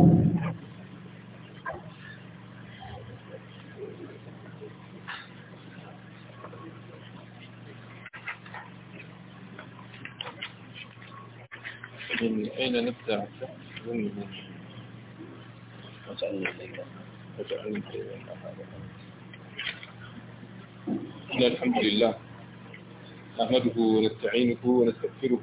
من أين نبدأ من إليك إليك إن الحمد لله نحمده ونستعينه ونستغفره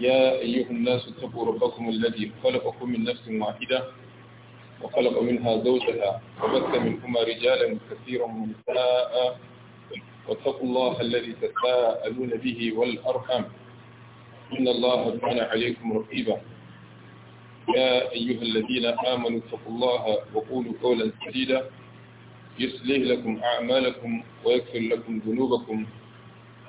يا أيها الناس اتقوا ربكم الذي خلقكم من نفس واحدة وخلق منها زوجها وبث منهما رجالا كثيرا ونساء واتقوا الله الذي تساءلون به والأرحم إن الله كان عليكم رقيبا يا أيها الذين آمنوا اتقوا الله وقولوا قولا سديدا يصلح لكم أعمالكم ويكفر لكم ذنوبكم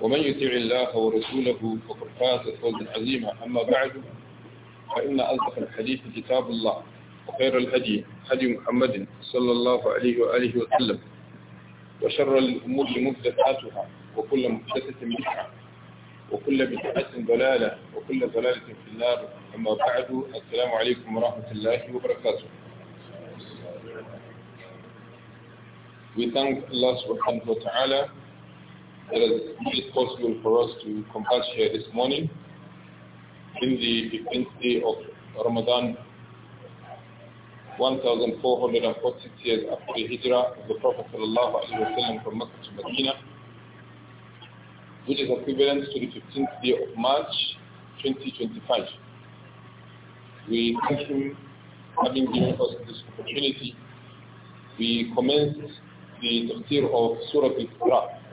ومن يطع الله ورسوله فقد فاز فوزا عظيما أما بعد فإن أصدق الحديث كتاب الله وخير الهدي هدي محمد صلى الله عليه وآله وسلم وشر الأمور محدثاتها وكل محدثة بدعة وكل بدعة ضلالة وكل ضلالة في النار أما بعد السلام عليكم ورحمة الله وبركاته We thank Allah subhanahu wa ta'ala that has made it possible for us to converge here this morning in the 15th day of Ramadan, 1440 years after the hijrah of the Prophet ﷺ from Mecca to Medina, which is equivalent to the 15th day of March 2025. We thank him having given us this opportunity. We commenced the tafsir of Surah Al-Qur'an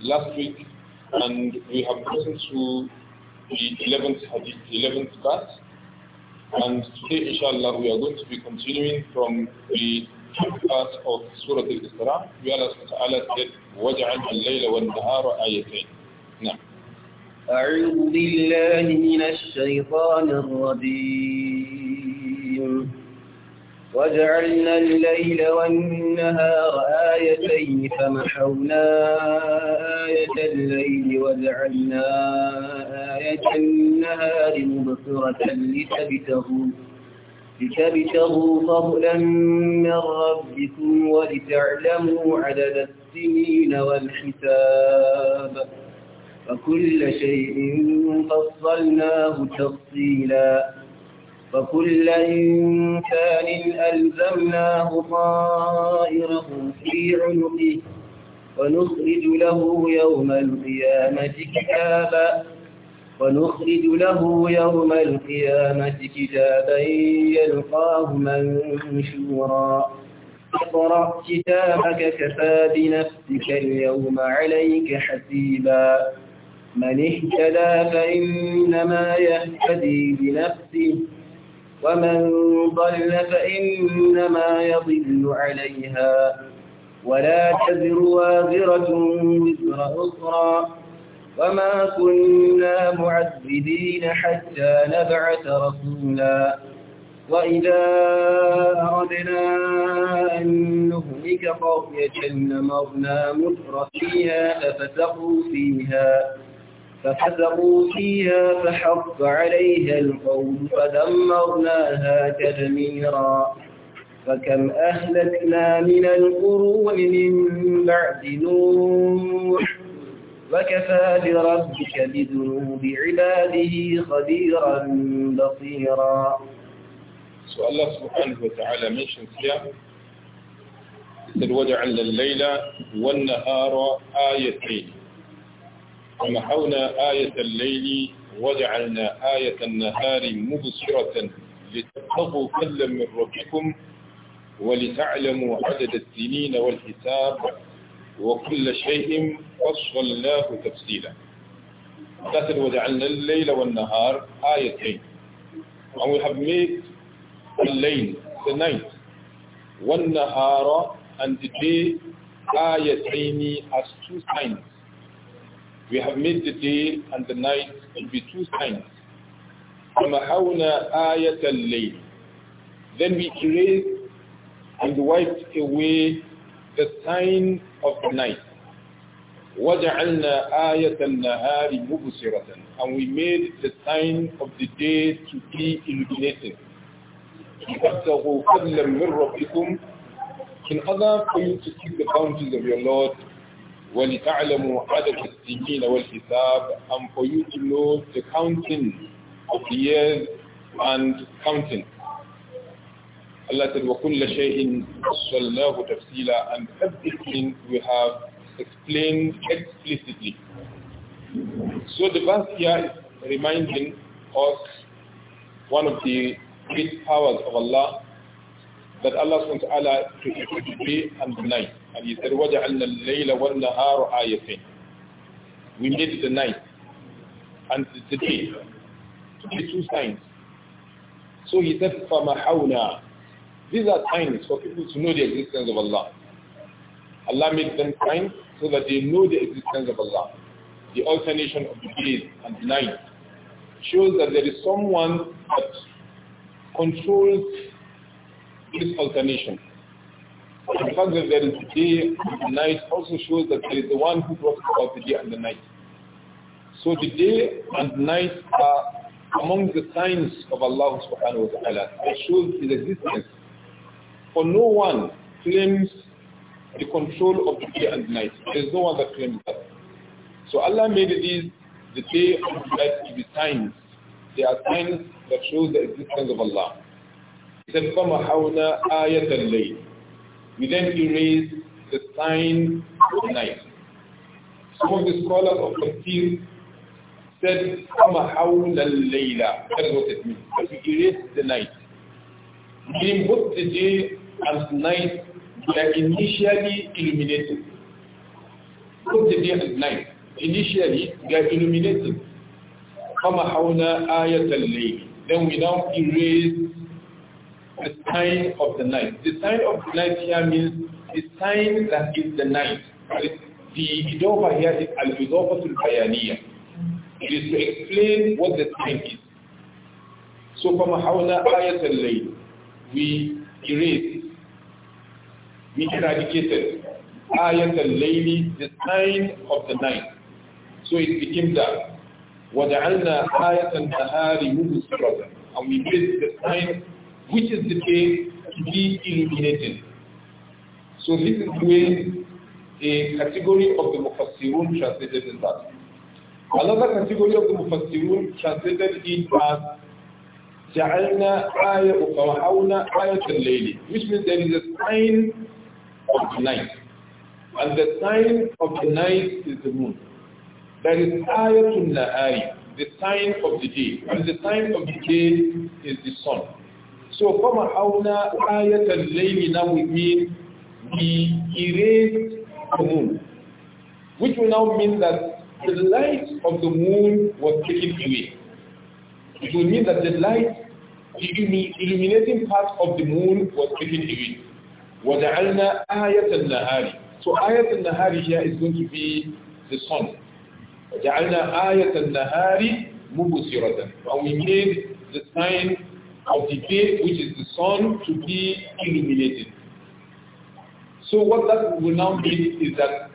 last week, and we have gone through the 11th hadith, 11th verse. And today, inshallah, we are going to be continuing from the fifth verse of Surah Al-Isra, where Allah Ta'ala said, وَجَعَلْنَا اللَّيْلَ وَالنَّهَارَ آيَتَيْنِ نعم أعوذ بالله من الشيطان الرجيم وجعلنا الليل والنهار آيتين فمحونا آية الليل وجعلنا آية النهار مبصرة لتبتغوا لتبتغوا فضلا من ربكم ولتعلموا عدد السنين والحساب وكل شيء فصلناه تفصيلا فكل إنسان ألزمناه طائره في عنقه ونخرج له يوم القيامة كتابا ونخرج له يوم القيامة كتابا يلقاه منشورا اقرأ كتابك كفى بنفسك اليوم عليك حسيبا من اهتدى فإنما يهتدي بنفسه ومن ضل فإنما يضل عليها ولا تزر وازرة مثل أخرى وما كنا معذبين حتى نبعث رسولا وإذا أردنا أن نهلك قرية أمرنا متر فيها ففسقوا فيها فحذروا فيها فحق عليها القول فدمرناها تدميرا فكم أهلكنا من القرون من بعد نوح وكفى بربك بذنوب عباده خبيرا بصيرا So Allah subhanahu wa ta'ala mentions here said اللَّيْلَ وَالنَّهَارَ آيَتَيْنِ ومحونا آية الليل وجعلنا آية النهار مبصرة لتبقوا كل من ربكم ولتعلموا عدد السنين والحساب وكل شيء فصلناه تفصيلا That وجعلنا الليل والنهار آيتين And we have made the الليل, the night والنهار and the day آيتين as two signs We have made the day and the night to be two signs. فَمَحَوْنَا Then we erased and wiped away the sign of the night. And we made the sign of the day to be illuminated. In order for you to keep the boundaries of your Lord وَلِتَعْلَمُوا عَدَدَ السِّنِينَ وَالْحِسَابَ And for you to know the counting of the years and counting. Allah said, وَكُلَّ شَيْءٍ صَلَّاهُ تَفْسِيلًا And everything we have explained explicitly. So the verse here is reminding us one of the great powers of Allah that Allah sent wa ta'ala created the day and the night. And he said, وَجَعَلْنَا اللَّيْلَ وَالنَّهَارُ آيَتَيْنِ We made the night and the day to be two signs. So he said, فَمَحَوْنَا These are signs for people to know the existence of Allah. Allah made them signs so that they know the existence of Allah. The alternation of the days and the night shows that there is someone that controls this alternation. The fact that there is day and night also shows that there is the one who brought about the day and the night. So the day and night are among the signs of Allah subhanahu wa ta'ala. It shows his existence. For no one claims the control of the day and the night. There is no one that claims that. So Allah made these the day and the night to be signs. They are signs that show the existence of Allah said, فَمَحَوْنَا آيَةَ اللَّيْلِ We then erase the sign of night. Some of the scholars of Tafsir said, فَمَحَوْنَا اللَّيْلَ That's what it means. But we erase the night. Meaning both the day and night were initially illuminated. Both the day and night. Initially, they are illuminated. فَمَحَوْنَا آيَةَ اللَّيْلِ Then we now erase the sign of the night. The sign of the night here means the sign that is the night. The idoba here is the bayaniya. It is to explain what the sign is. So from ayat al اللَّيْلِ We erased, we eradicated al اللَّيْلِ, the sign of the night. So it became that. وَجَعَلْنَا آيَةَ النَّهَارِ مُبْصِرَةً And we made the sign which is the day to be illuminated. So this is where a category of the Mufassirun translated in that. Another category of the Mufassirun translated it as جعلنا آية وقرأنا آية الليل which means there is a sign of the night and the sign of the night is the moon there is آية النهار the sign of the day and the sign of the day is the sun so فَمَحَوْنَا آيَةَ اللَّيْلِ Now we mean the erased moon. Which will now mean that the light of the moon was taken away. It will mean that the light, the illuminating part of the moon was taken away. وَجَعَلْنَا آيَةَ النَّهَارِ So آيَةَ النَّهَارِ here is going to be the sun. وَجَعَلْنَا آيَةَ النَّهَارِ مُبُصِرَةً And we made the sign of the day, which is the sun, to be illuminated. So what that will now mean is that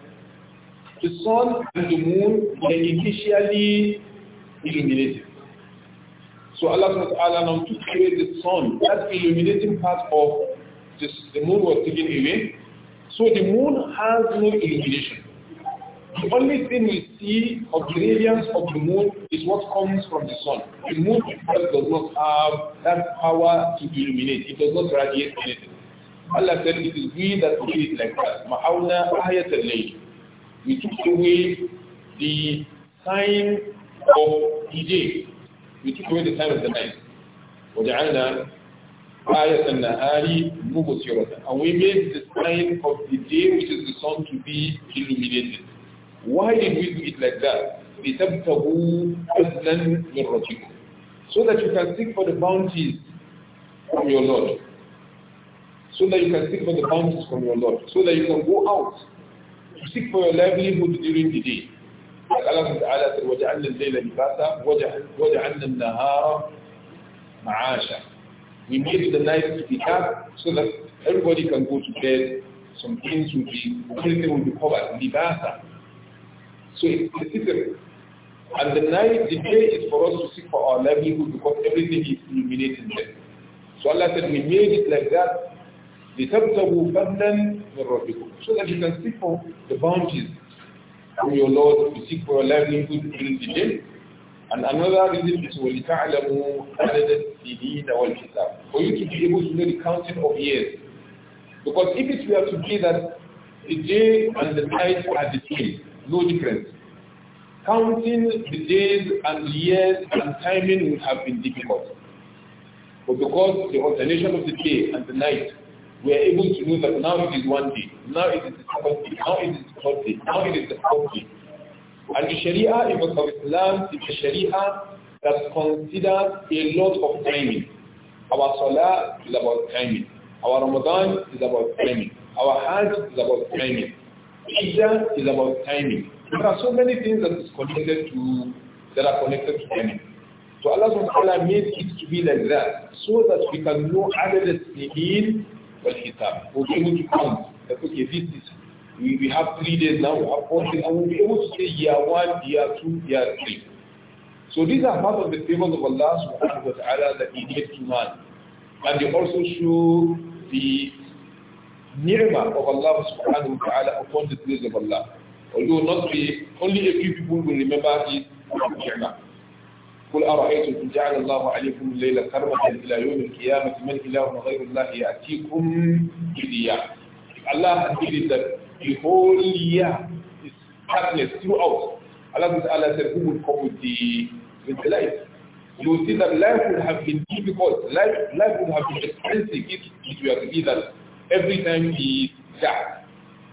the sun and the moon were initially illuminated. So Allah subhanahu now to create the sun. That illuminating part of this, the moon was taken away. So the moon has no illumination. The only thing we see of the radiance of the moon is what comes from the sun. The moon itself does not have that power to illuminate. It does not radiate anything. Allah said it is we that made it like that. Ma'awna ayat al We took away the sign of the day. We took away the sign of the night. وَجَعَلْنَا al-nahari مُبْصِرَةً And we made the sign of the day, which is the sun, to be illuminated. Why did we do it like that? لِتَبْتَغُوا أَذْلًا مِنْ رَبِّكُمْ So that you can seek for the bounties from your Lord. So that you can seek for the bounties from your Lord. So that you can go out to seek for your livelihood during the day. Like Allah Ta'ala وَجَعَلْنَا اللَّيْلَ لِبَاسًا وَجَعَلْنَا النَّهَارَ مَعَاشًا We made the night to be dark so that everybody can go to bed. Some things will be, everything will be covered. Libasa. So it's specific. And the night, the day is for us to seek for our livelihood because everything is illuminated there. So Allah said, we made it like that. لِتَبْتَغُوا فَضْلًا مِنْ رَبِّكُم So that you can seek for the bounties from your Lord, you seek for your livelihood during the day. And another reason is وَلِتَعْلَمُوا عَدَدَ السِّنِينَ وَالْحِسَابِ For you to be able to know the counting of years. Because if it were to be that the day and the night are the same, no difference. Counting the days and years and timing would have been difficult. But because the alternation of the day and the night, we are able to know that now it is one day, now it is the second day, now it is the third day, now it is the fourth day. And the Sharia in of Islam is a Sharia that considers a lot of timing. Our Salah is about timing. Our Ramadan is about timing. Our Hajj is about timing. Hijjah is about timing. There are so many things that is connected to that are connected to timing. So Allah subhanahu wa Taala made it to be like that so that we can know عدد السنين والحساب. We'll be able to count that okay, this is we, we have three days now, we have four days, and we'll be able to say year one, year two, year three. So these are part of the favors of Allah subhanahu wa ta'ala that He gave to man. And they also show the Nirma of Allah subhanahu wa ta'ala upon the praise of Allah. Although not be, only a few people will remember this ni'mah. قل أرأيتم إن جعل الله عليكم الليل سرمدا إلى يوم القيامة من إله غير الله يأتيكم بدياء. Allah has it that the whole year is happiness throughout. Allah says, Allah said, who will come with the, with the light? You will see that life would have been difficult. Life, life would have been expensive if it were to be that every time is zap,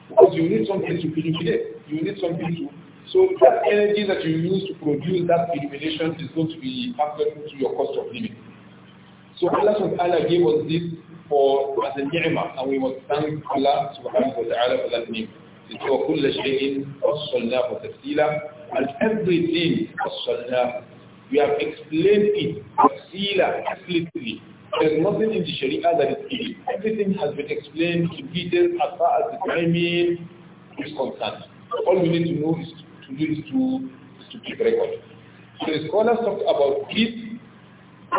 Because you need something to illuminate. You need something to... So that energy that you use to produce that illumination is going to be factored to your cost of living. So Allah subhanahu gave us this for as a ni'mah and we must thank Allah subhanahu wa ta'ala for that ni'mah. وكل شيء فصلناه تفصيلا and everything فصلناه we have explained it تفصيلا explicitly there is nothing in the Sharia that is hidden. Everything has been explained in detail as far as the timing is concerned. All we need to know is to, do is to, is to keep record. So the scholars talk about this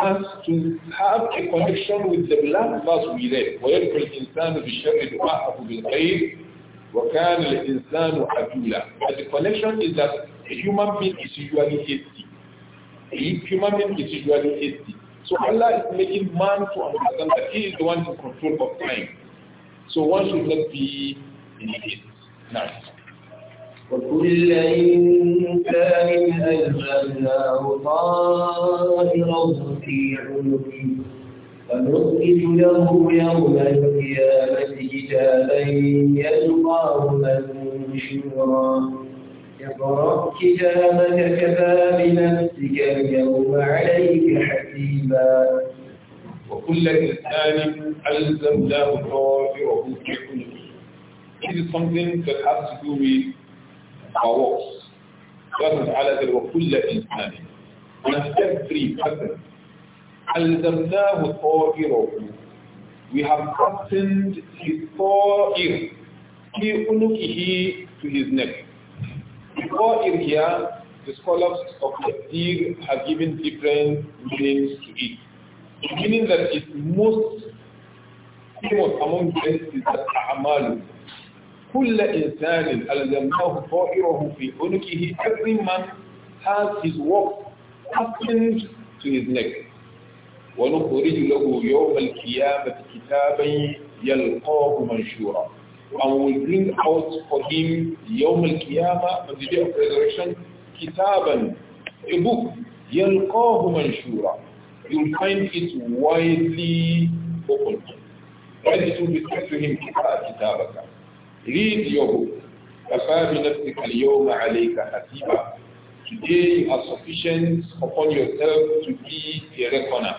as to have a connection with the last verse we read. وَيَلْقَ الْإِنسَانُ بِالشَّرِّ دُعَاءَهُ بِالْخَيْرِ وَكَانَ الْإِنسَانُ عَجُولًا And the connection is that a human being is usually hasty. A human being is usually hasty. So Allah is making man to understand that he is the one in control of time. So one should not be in it. Nice. وكل أجعلناه في عنقه له يوم القيامة كتابا يلقاه منشورا اقرأ كتابك كفى بنفسك اليوم عليك حسيبا وكل إنسان ألزمناه طائره في عنقه It is something that has to do with our works. Allah Ta'ala said, وَكُلَّ إِنسَانٍ And every person, أَلْزَمْنَاهُ طَائِرَهُ We have fastened his طائر في عنقه to his neck. Before in here, the scholars of the Tafsir have given different meanings to it. The meaning that is most famous among them is that A'malu. كل إنسان ألزمناه طائره في عنقه every man has his work fastened to his neck ونخرج له يوم القيامة كتابا يلقاه منشورا and we bring out for him Yawm al-Qiyamah on the day of resurrection kitaban, a book, yalqahu manshura. You'll find it widely open. Why it will be said to him, kitabaka. Read your book. كفى بنفسك اليوم عليك حسيبا. Today you are sufficient upon yourself to be a reckoner.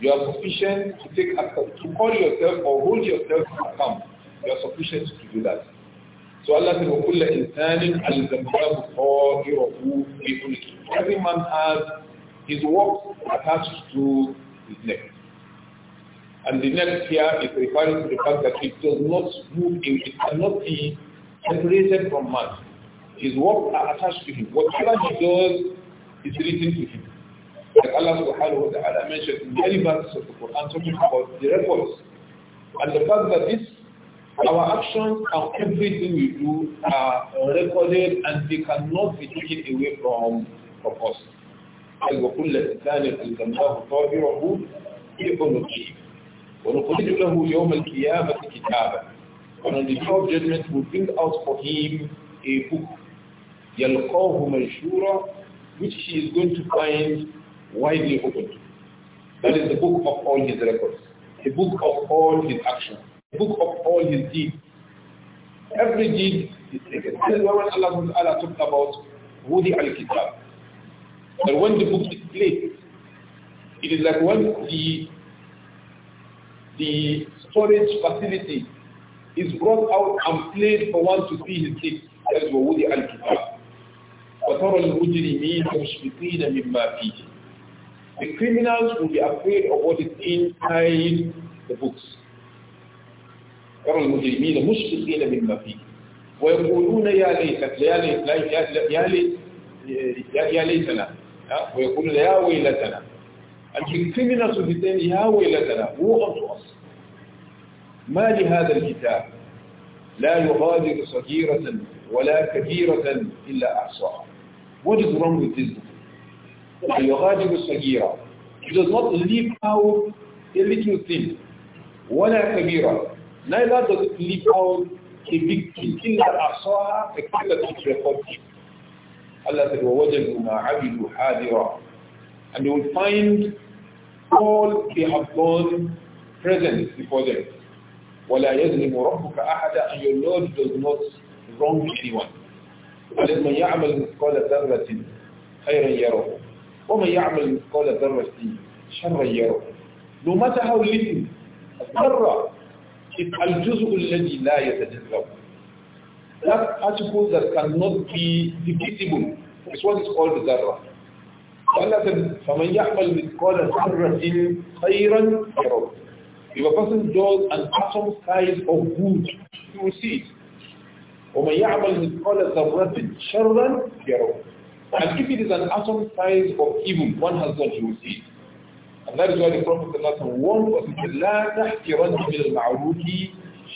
You are sufficient to take account, to call yourself or hold yourself to account. They are sufficient to do that. So Allah said, وَكُلَّ إِنسَانٍ أَلْزَمْنَاهُ طَائِرَهُ O people, Every man has his work attached to his neck. And the neck here is referring to the fact that it does not move, in, it cannot be separated from man. His work are attached to him. Whatever he does is written to him. Like Allah subhanahu wa ta'ala mentioned in many verses of the Quran talking about the records. And the fact that this our actions and everything we do are recorded and they cannot be taken away from, from us. وكل إنسان ألزمناه طائره في عنقه ونخرج له يوم القيامة كتابا And on the day of judgment we bring out for him a book يلقاه منشورا which he is going to find widely open. That is the book of all his records, the book of all his actions book of all his deeds. Every deed is taken. This is why when Allah, talked about Wudi al-Kitab. But when the book is placed, it is like when the, the storage facility is brought out and played for one to see his deeds. That is Wudi al-Kitab. وَتَرَى الْمُجْرِمِينَ مُشْفِقِينَ مِمَّا فِيهِ The criminals will be afraid of what is inside the books. يرى المجرمين مشفقين مما فيه ويقولون يا ليت يا ليت يا ليت يا ليتنا ويقولون يا ويلتنا الكريمنالز في يا ويلتنا هو أنفس ما لهذا الكتاب لا يغادر صغيرة ولا كبيرة إلا أحصاها What is wrong with this book? يغادر الصغيرة It does not leave out a little thing ولا كبيرة Neither does it leave out a big thing that I saw Allah said, عَبِدُوا And they will find all they have done present before them. وَلَا رَبُّكَ أَحَدًا And your Lord does not wrong anyone. وَلَمَّنْ يَعْمَلْ مِثْقَالَ ذَرَّةٍ خَيْرًا يَرَهُ وَمَنْ يَعْمَلْ مِثْقَالَ ذَرَّةٍ شَرًّا يَرَهُ No matter how little, a al-juz'u alladhi la yatajazza. That particle that cannot be defeatable is what is called zarra. Allah said, فَمَنْ يَعْمَلْ مِثْقَالَ ذَرَّةٍ خَيْرًا يَرَوْا If a person does an atom size of good, you will see it. وَمَنْ يَعْمَلْ مِثْقَالَ ذَرَّةٍ شَرًّا يَرَوْا And if it is an atom size of evil, one has done, you will see it. And that is why the Prophet warned us, لا تحقرن من المعروف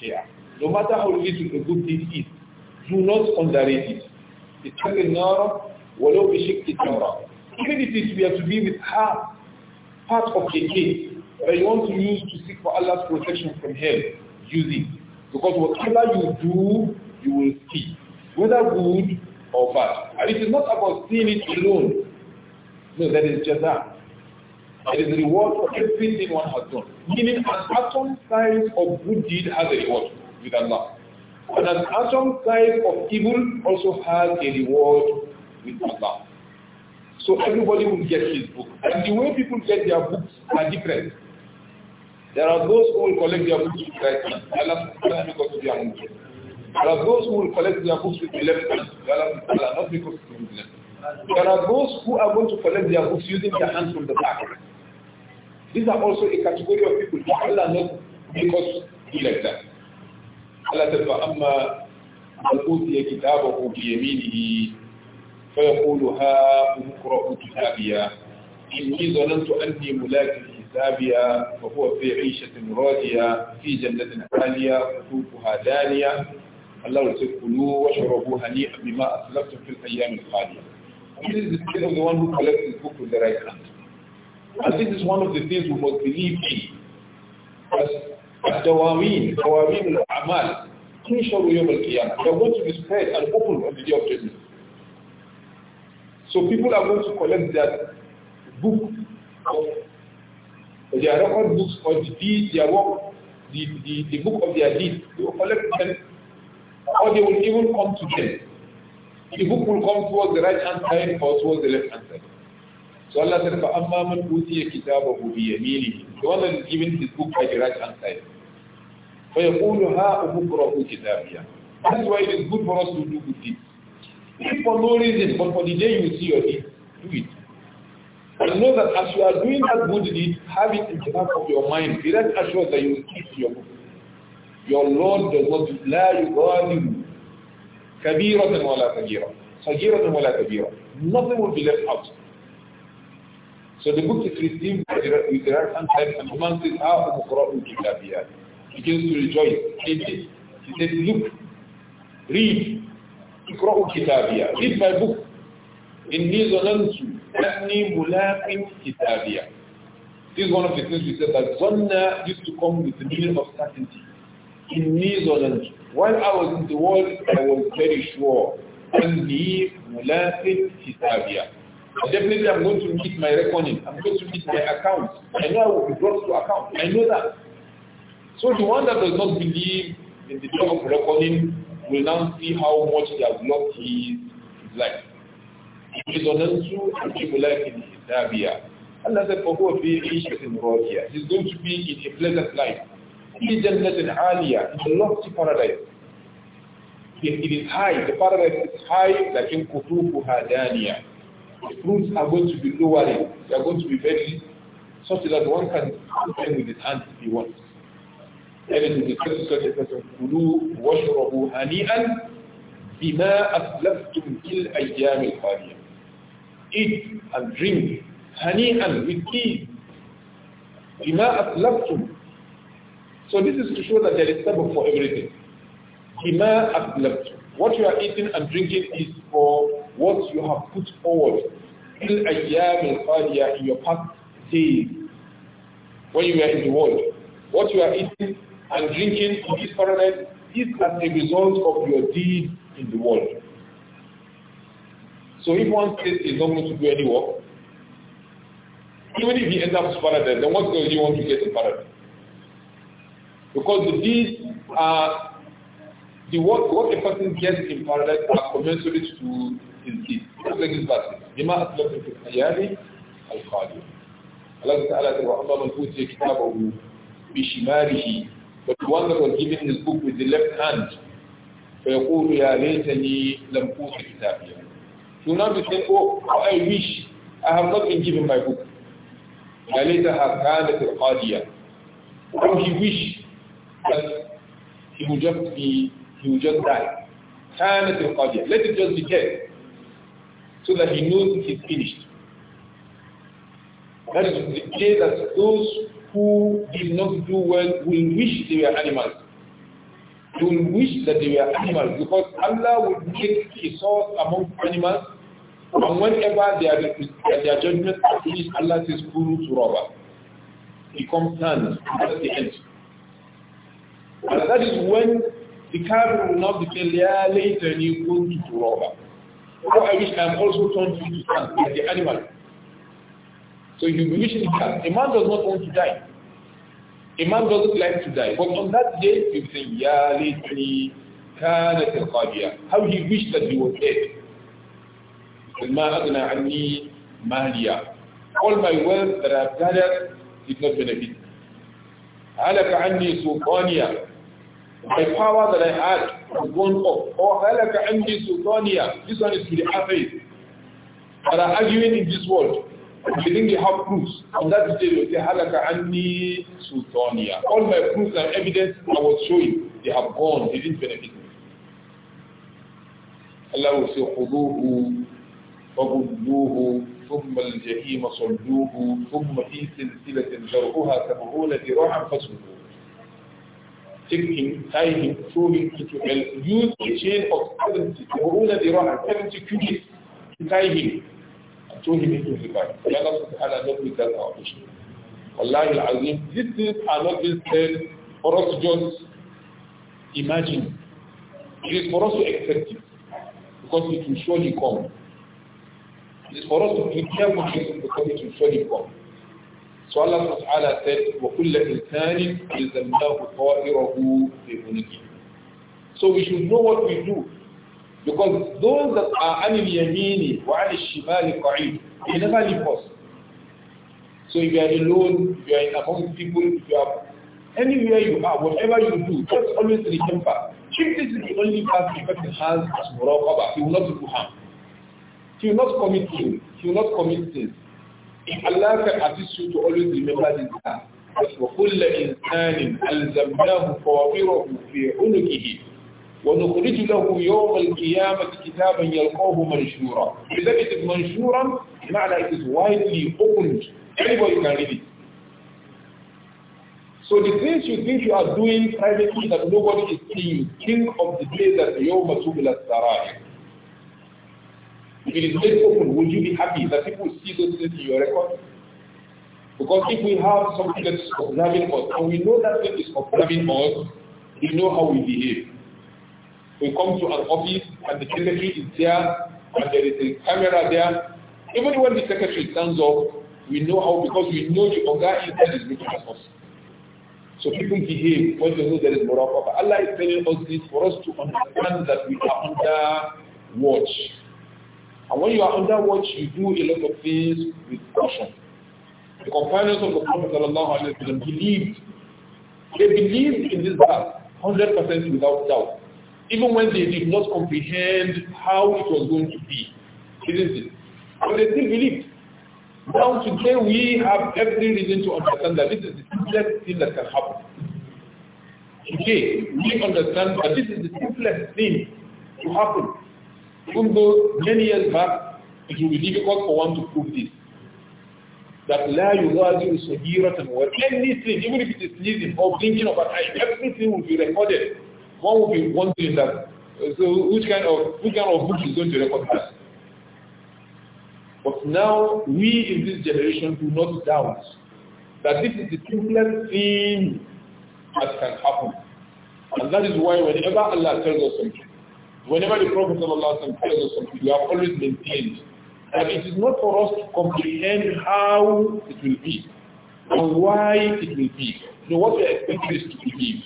شيئا. No matter how little a good deed is, do not underrate it. اتق النار ولو بشق تمرة. Even if it have to be with half part of the cake that you want to use to seek for Allah's protection from hell, use it. Because whatever you do, you will see, whether good or bad. And it is not about seeing it alone. No, that is just that. There is reward for everything one has done. Meaning an atom size of good deed has a reward with Allah. And an atom size of evil also has a reward with Allah. So everybody will get his book. And the way people get their books are different. There are those who will collect their books with right hand. Allah not because of their own There are those who will collect their books with the left hand. Allah not because of their own There are those who are going to collect their books using their hands from the back. These are also a category of people who Allah not because he like that. Allah said, فَأَمَّا مَنْ أُوتِيَ كِتَابَهُ بِيَمِينِهِ فَيَقُولُ هَا أُمُقْرَأُ كِتَابِيَا إِنِّي ظَنَنْتُ أَنِّي مُلَاكٍ حسابيا وهو في عيشة راضية في جنة عالية قطوفها دانية الله يقول كلوا واشربوا هنيئا بما أسلفتم في الأيام الخالية. This is the one who collects his book with the right hand. And this is one of the things we must believe in. As Dawameen, Dawameen al-Amal, Inshallah Yom al-Qiyamah. They are going to be spread and open on the day of judgment. So people are going to collect that book of their record books or the deed, their work, the, the, the book of their deed. They will collect them or they will even come to them. The book will come towards the right hand side or towards the left hand side. so Allah ta rufa amma man utiya kitabahu bi yaminihi is given his book by the right hand side fa yaqulu ha ubukrahu that's why it is good for us to do good deeds if for no reason but for the day you see your deed do it and know that as you are doing that good deed have it in the back of your mind be rest assured that you will keep your book your Lord does not la yughadiru kabiratan wala kabira sagiratan wala kabira nothing will be left out So the book is received with the right hand side and the Quran says, Ah, Umukhra'u Kitabiyah. Begins to rejoice, He says, look, read, Ikra'u Kitabiyah. Read my book. in إِنِّي ظَنَنْتُ أَنِّي مُلَاقٍ كِتَابِيَةٍ This is one of the things we said that Zonna used to come with the meaning of certainty. in ظَنَنْتُ While I was in the world, I was very sure. أَنِّي مُلَاقٍ كِتَابِيَةٍ Definitely I'm going to meet my reckoning. I'm going to meet my account. I know I will be brought to account. I know that. So the one that does not believe in the job of reckoning will now see how much he has lost his life. He It is unto and people like in Arabia. Allah said, for who will be issues in Radia. He's going to be in a pleasant life. He just in earlier in the lofty paradise. It, it is high, the paradise is high, like in Kutufu Hadaniya. The fruits are going to be lowering. They are going to be very such that one can play with his hands if he wants. And it is the first such a person, Kulu hani'an bima aslaftum fil ayyam al Eat and drink hani'an with ease. Bima aslaftum. So this is to show that there is sabbath for everything. Bima aslaftum. What you are eating and drinking is for what you have put forward in your past days when you were in the world. What you are eating and drinking in this paradise is as a result of your deeds in the world. So if one says he's not going to do any work, even if he ends up in paradise, then what does he want to get in paradise? Because the deeds are the work what a person gets in paradise are commensurate to تزكيك تطلق الباطل لما أطلق في الحياة الخالية الله تعالى ترى الله من أوتي كتابه بشماله but the one that was given his book with the left hand فيقول يا ليتني لم أوت كتابي So now you say, oh, how I wish I have not been given my book. يا ليتها كانت القاضية. How he wish that he would just be, he would just die. كانت القادية Let it just be dead. so that he knows it is finished. That is the day that those who did not do well will wish they were animals. They will wish that they were animals because Allah will make his source among animals and whenever their, their judgment are finished, Allah says, Guru to robber. He comes down. at the end. And that is when the car will not be saying, you laytani to robber. What I wish I am also turned into sand like the animal. So you'll be wishing A man does not want to die. A man doesn't like to die. But on that day, you'll saying, Ya litni kanat al-qadiya. How he wished that he was dead. ما أغنى anni ماليا all my wealth that I've gathered did not benefit me. My power that I had has gone up. Or halaka amdi sultaniya. This one is to the atheists I are arguing in this world. They think they have proofs. On that day, they say halaka amdi sultaniya. All my proofs and evidence I was showing, they have gone. They didn't benefit me. Allah will say, خذوه فغلوه ثم الجحيم صلوه ثم في سلسلة ذرعها سبعون ذراعا فاسلكوه take him, tie him, throw him into hell, use a chain of 70, dirham, 70 cubits to tie him and throw him into the fire. May Allah subhanahu wa ta'ala not that our mission. Wallahi al-Azim, these things are not being said for us to just imagine. It is for us to accept it because it will surely come. It is for us to prepare for it because it will surely come. So Allah Ta'ala said, وَكُلَّ إِنسَانٍ إِلْزَمْنَاهُ طَائِرَهُ بِهُنِكِ So we should know what we do. Because those that are عَنِ الْيَمِينِ وَعَنِ الشِّمَالِ قَعِيدِ They never leave us. So if you are alone, if you are among people, if you are anywhere you are, whatever you do, just always remember, if this is the only path the person has as muraqabah, he will not do harm. He will not commit sin. He will not commit sin. Allah can assist you to always remember this verse. وكل إنسان ألزمناه فوافره في عنقه ونخرج له يوم القيامة كتابا يلقاه منشورا إذا كتب منشورا معنى it is widely opened anybody can read it So the things you think you are doing privately that nobody is seeing, think of the day that يوم تبلى السرائر if it is made open, would you be happy that people see those things in your record? Because if we have something that's observing us, and we know that thing is observing us, we know how we behave. We come to an office and the secretary is there and there is a camera there. Even when the secretary stands up, we know how because we know the other intent is looking at us. So people behave when they know there is moral power. Allah is telling us this for us to understand that we are under watch. And when you are under watch, you do a lot of things with caution. The companions of the Prophet ﷺ believed. They believed in this verse 100% without doubt, even when they did not comprehend how it was going to be, isn't it? But they still believed. Now today we have every reason to understand that this is the simplest thing that can happen. Today we understand that this is the simplest thing to happen even though many years back, it will be difficult for one to prove this. That la yughadiru and wa anything, even if it is sneezing or blinking of an eye, everything will be recorded. One will be wondering that, so which kind of, which kind of book is going to record that? But now, we in this generation do not doubt that this is the simplest thing that can happen. And that is why whenever Allah tells us something, Whenever the Prophet ﷺ tells us something, we have always maintained that it is not for us to comprehend how it will be and why it will be. So what we expect is to believe.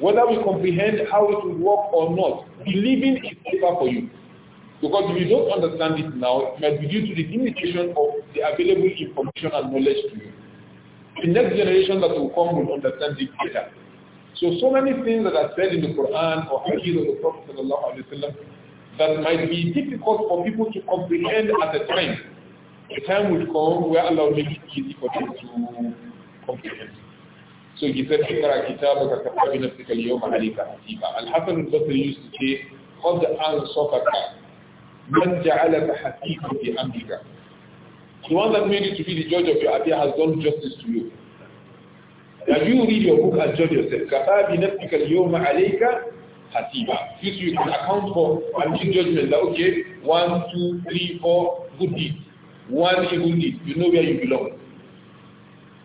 Whether we comprehend how it will work or not, believing is better for you. Because if you don't understand it now, it might be due to the limitation of the available information and knowledge to you. The next generation that will come will understand it better. So, so many things that are said in the Quran or Hadith of the Prophet wasallam that might be difficult for people to comprehend at the time. The time will come where Allah will make it easy for them to comprehend. So he said, اقرأ كتابك كفى بنفسك اليوم عليك حسيبا. al البصري used to say, قد أنصفك من جعلك حسيبا في أمرك. The one that made you to be the judge of your affair has done justice to you. As you read your book and judge yourself, كَفَى بِنَفْسِكَ الْيَوْمَ عَلَيْكَ حَسِيبًا This you can account for and give judgment that, okay, one, two, three, four good deeds, one evil deed, you know where you belong.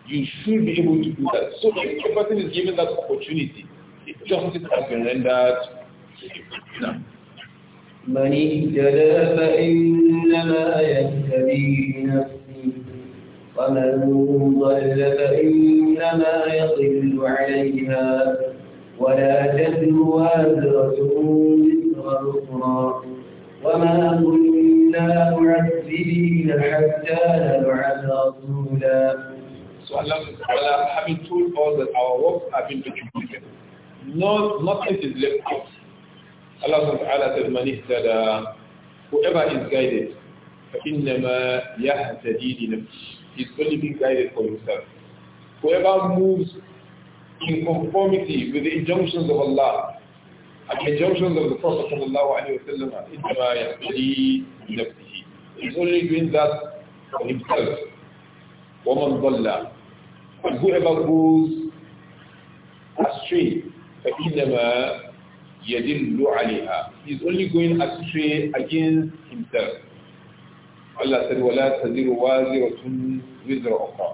You should be able to do that. So if a person is given that opportunity, justice has been rendered. No. من اهتدى فإنما يهتدي بنفسه ومن ضل فإنما يضل عليها ولا تزر وازرة وزر أخرى وما كنا معذبين حتى نبعث رسولا So Allah subhanahu having told us that our works have been retributed. No, nothing is left out. Allah subhanahu wa ta'ala said, Man ihtada, whoever is guided, فَإِنَّمَا يَهْتَدِي لِنَفْسِهِ is only being guided for himself. Whoever moves in conformity with the injunctions of Allah and the injunctions of the Prophet is only doing that for himself. وَمَنْ And whoever goes astray, فَإِنَّمَا عَلَيْهَا He is only going astray against himself. Allah said, وَلَا تَزِرُ وَازِرَةٌ وِزْرَ أُخْرَى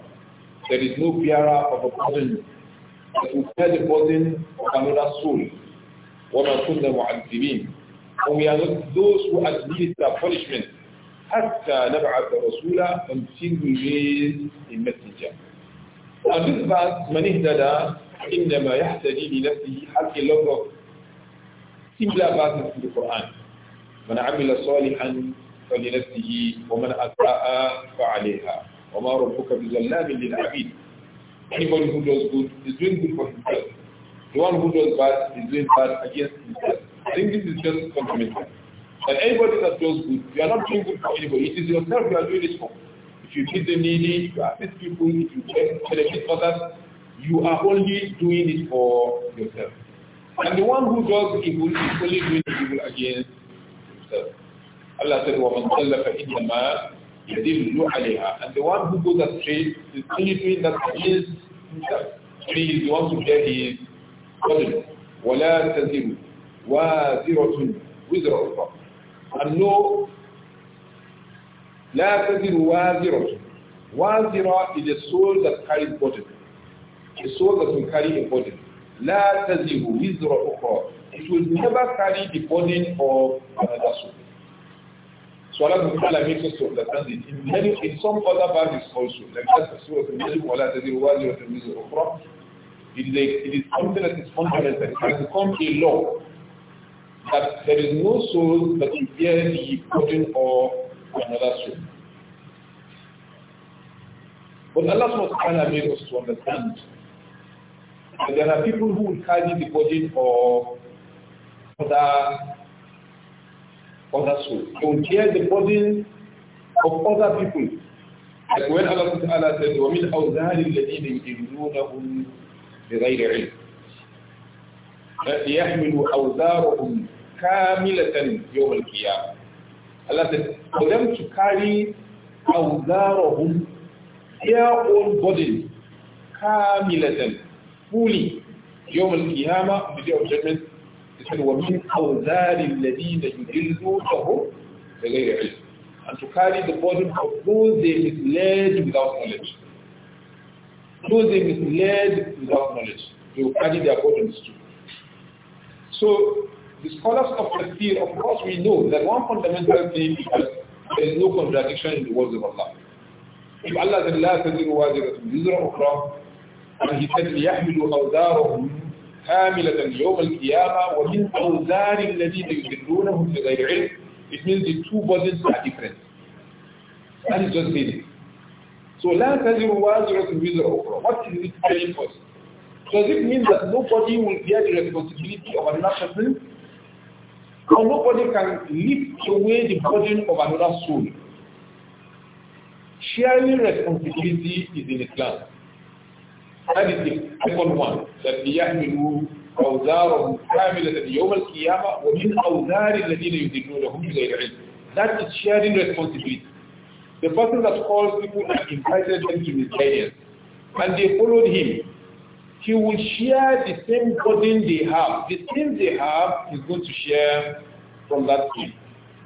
There is no bearer of a burden that will bear the burden of another soul. وَمَا مُعَذِّبِينَ And we are not those who administer punishment حَتَّى نَبْعَثَ رَسُولًا until we raise a messenger. Now this verse, مَنِ اهْتَدَى إِنَّمَا يَحْتَدِي لِنَفْسِهِ has a lot of similar verses in the Quran. مَنْ عَمِلَ صَالِحًا فلنفسه ومن أساء فعليها وما ربك بظلام للعبيد Anybody who does good is doing good for himself. The one who does bad is doing bad against himself. I think this is just fundamental. And anybody that does good, you are not doing good for anybody. It is yourself you are doing it for. If you feed the needy, if you assist people, if you benefit others, you are only doing it for yourself. And the one who does evil is only doing evil against himself. Allah said, وَمَنْ قَلَّ فَإِنَّمَا يَدِلُّ عَلَيْهَا And the one who goes astray is only doing that against himself. He is the one to bear his burden. وَلَا تَزِرُ وَازِرَةٌ وِزْرَ أُخْرَى And no, لَا تَزِرُ وَازِرَةٌ Wazira is a soul that carries burden. A soul that will carry a burden. لا تزر وزر أخرى. It will never carry the burden of another soul. Salah Mutala makes us to understand it. In, many, in some other verses also, like that Surah Al-Najm, وَلَا تَذِرُ وَازِرَةٌ مِزِرْ أُخْرَى, it is, a, it is something that is fundamental. It has become a law that there is no soul that will bear the burden of another soul. But Allah subhanahu made us to understand that there are people who will carry the burden of other other souls. They will bear the burden of other people. Like when Allah Ta'ala said, وَمِنْ الَّذِينَ بِغَيْرِ عِلْمٍ كَامِلَةً يَوْمَ Allah said, for them to carry أَوْزَارَهُمْ their own burden كَامِلَةً fully يوم the day of judgment ومن أوزار الذين يضلونهم بغير علم and to carry the burden of those they misled without knowledge. Those they misled without knowledge, they will carry their burdens too. So the scholars of the field, of course we know that one fundamental thing is that there is no contradiction in the words of Allah. If Allah said, لا تزر وازرة وزر أخرى, and he said, ليحملوا أوزارهم كاملة يوم القيامة ومن أوزار الذين يذلونهم بغير علم it means the two bodies are different that is just it so لا تزر وازرة وزر أخرى what is it telling us does it mean that nobody will bear the responsibility of another person or nobody can lift away the burden of another soul sharing responsibility is in Islam Everything. Second one, that لِيَحْمِلُوا أَوْزَارَهُمْ كَامِلَةً يَوْمَ الْقِيَامَةِ وَمِنْ أَوْزَارِ الَّذِينَ يُذِلُّونَهُمْ بِغَيْرِ عِلْمٍ That is sharing responsibility. The person that calls people and invited them to misguidance, and they followed him, he will share the same burden they have. The sin they have, is going to share from that sin.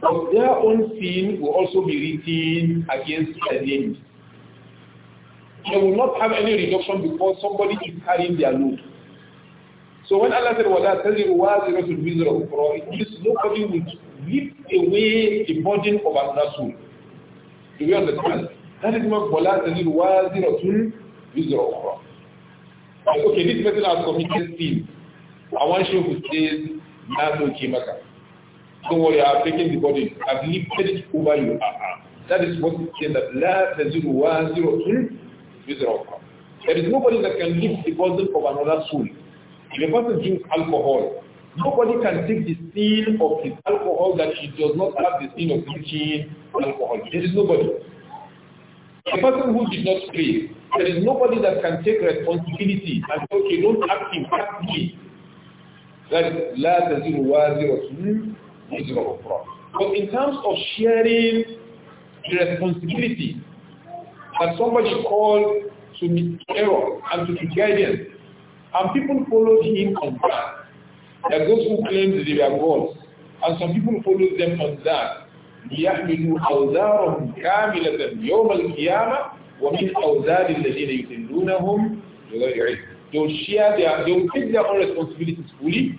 But their own sin will also be written against their names. They will not have any reduction before somebody is carrying their load. So when Allah said, وَلَا تَزِرُ وَازِرَةُ الْوِزْرَ أُخْرَى It means nobody will lift away the burden of another soul. Do you understand? That is what وَلَا تَزِرُ وَازِرَةُ الْوِزْرَ أُخْرَى Okay, this person has committed sin. I want you to say, Nato Kimaka. Don't worry, I've taken the burden. I've lifted it over you. Uh That is what it says that there is nobody that can lift the burden of another soul. If a person drinks alcohol, nobody can take the sin of his alcohol that he does not have the sin of drinking alcohol. There is nobody. A person who did not pray, there is nobody that can take responsibility and say, okay, don't act in act me. That is, But in terms of sharing the responsibility, that somebody called to error and to guidance. And people followed him on that. There are those who claimed they were gods. And some people followed them on that. ليحملوا أوزارهم كاملة يوم القيامة ومن أوزار الذين يذلونهم بغير علم. They'll share their, they'll take their own responsibilities fully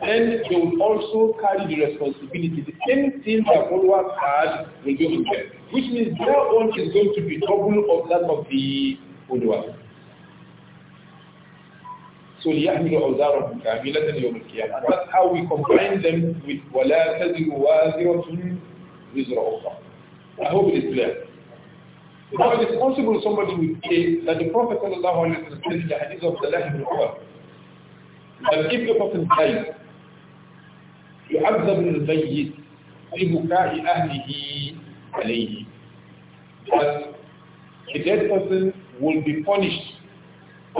then they will also carry the responsibility. The same thing that followers had will go them, which means their own is going to be double of that of the followers. So ليحمل أوزارهم كاملة يوم القيامة. That's how we combine them with ولا تزر وازرة وزر أخرى. I hope it is clear. Now it is possible somebody would say that the Prophet sallallahu alaihi wasallam said in the hadith of the Lahim that if a person dies يعذب الميت أهله عليه. dead person will be punished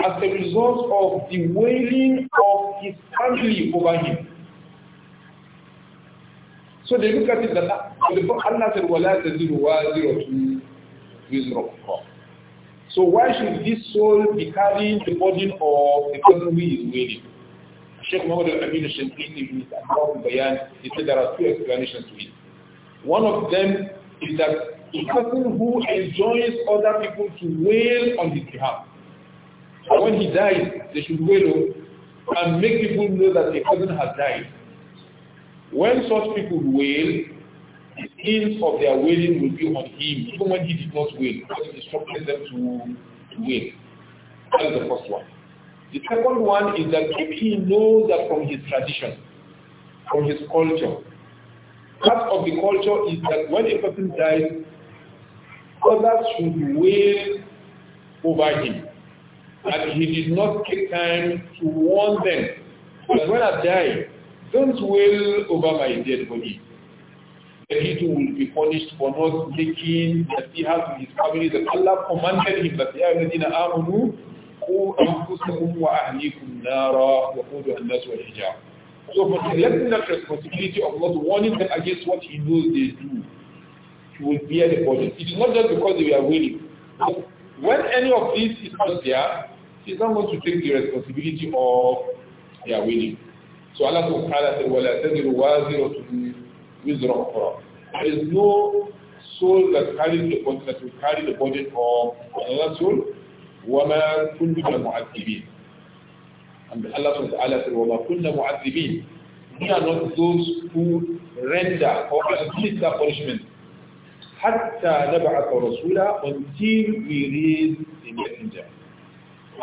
as a result of the wailing of his family over him. So they look at it that Allah said, So why should this soul be carrying the burden of the person who is wailing? Sheikh Muhammad al-Amin al-Shankini in his Bayan, he said there are two explanations to it. One of them is that a person who enjoins other people to wail on his behalf. So when he dies, they should wail and make people know that the person has died. When such people wail, the sins of their wailing will be on him, even when he did not wail, because he instructed them to wail. That is the first one. The second one is that if he knows that from his tradition, from his culture, part of the culture is that when a person dies, others should wail over him. And he did not take time to warn them that when I die, don't wail over my dead body. The people will be punished for not making the has to his family that Allah commanded him that يَا الَّذِينَ آمَنُوا قوا أنفسكم وأهليكم نارا وقودها الناس والحجارة So for the lesson that responsibility of not warning them against what He knows they do, He will bear the burden. It is not just because they are willing. when any of this is not there, He's not going to take the responsibility of their willing. So Allah subhanahu wa ta'ala said, وَلَا تَذِرُ وَازِرَةٌ وِزْرَ أُخْرَى There is no soul that carries the burden that will carry the burden of another soul وما كنا معذبين and Allah سبحانه وتعالى ta'ala said وما كنا معذبين we are not those who render or the punishment حتى نبعث رسولا until we raise the messenger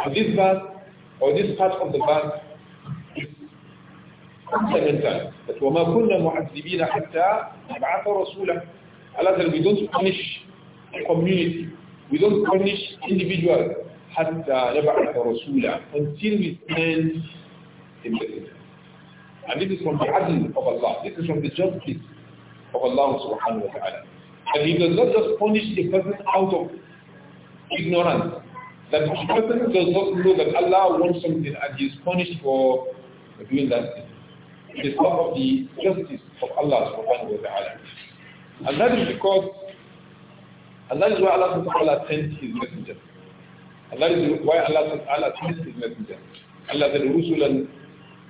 and this verse or this part of the verse is fundamental that وما كنا معذبين حتى نبعث رسولا Allah said we don't punish the community we don't punish individuals حتى نبعث رسولا until we send a messenger. And this is from the adl of Allah. This is from the justice of Allah subhanahu wa ta'ala. And he does not just punish a person out of ignorance. That the person does not know that Allah wants something and he is punished for doing that thing. It is part of the justice of Allah subhanahu wa ta'ala. And that is because, and that is why Allah subhanahu wa ta'ala sent his messenger. لاي الله تعالى الله رسولا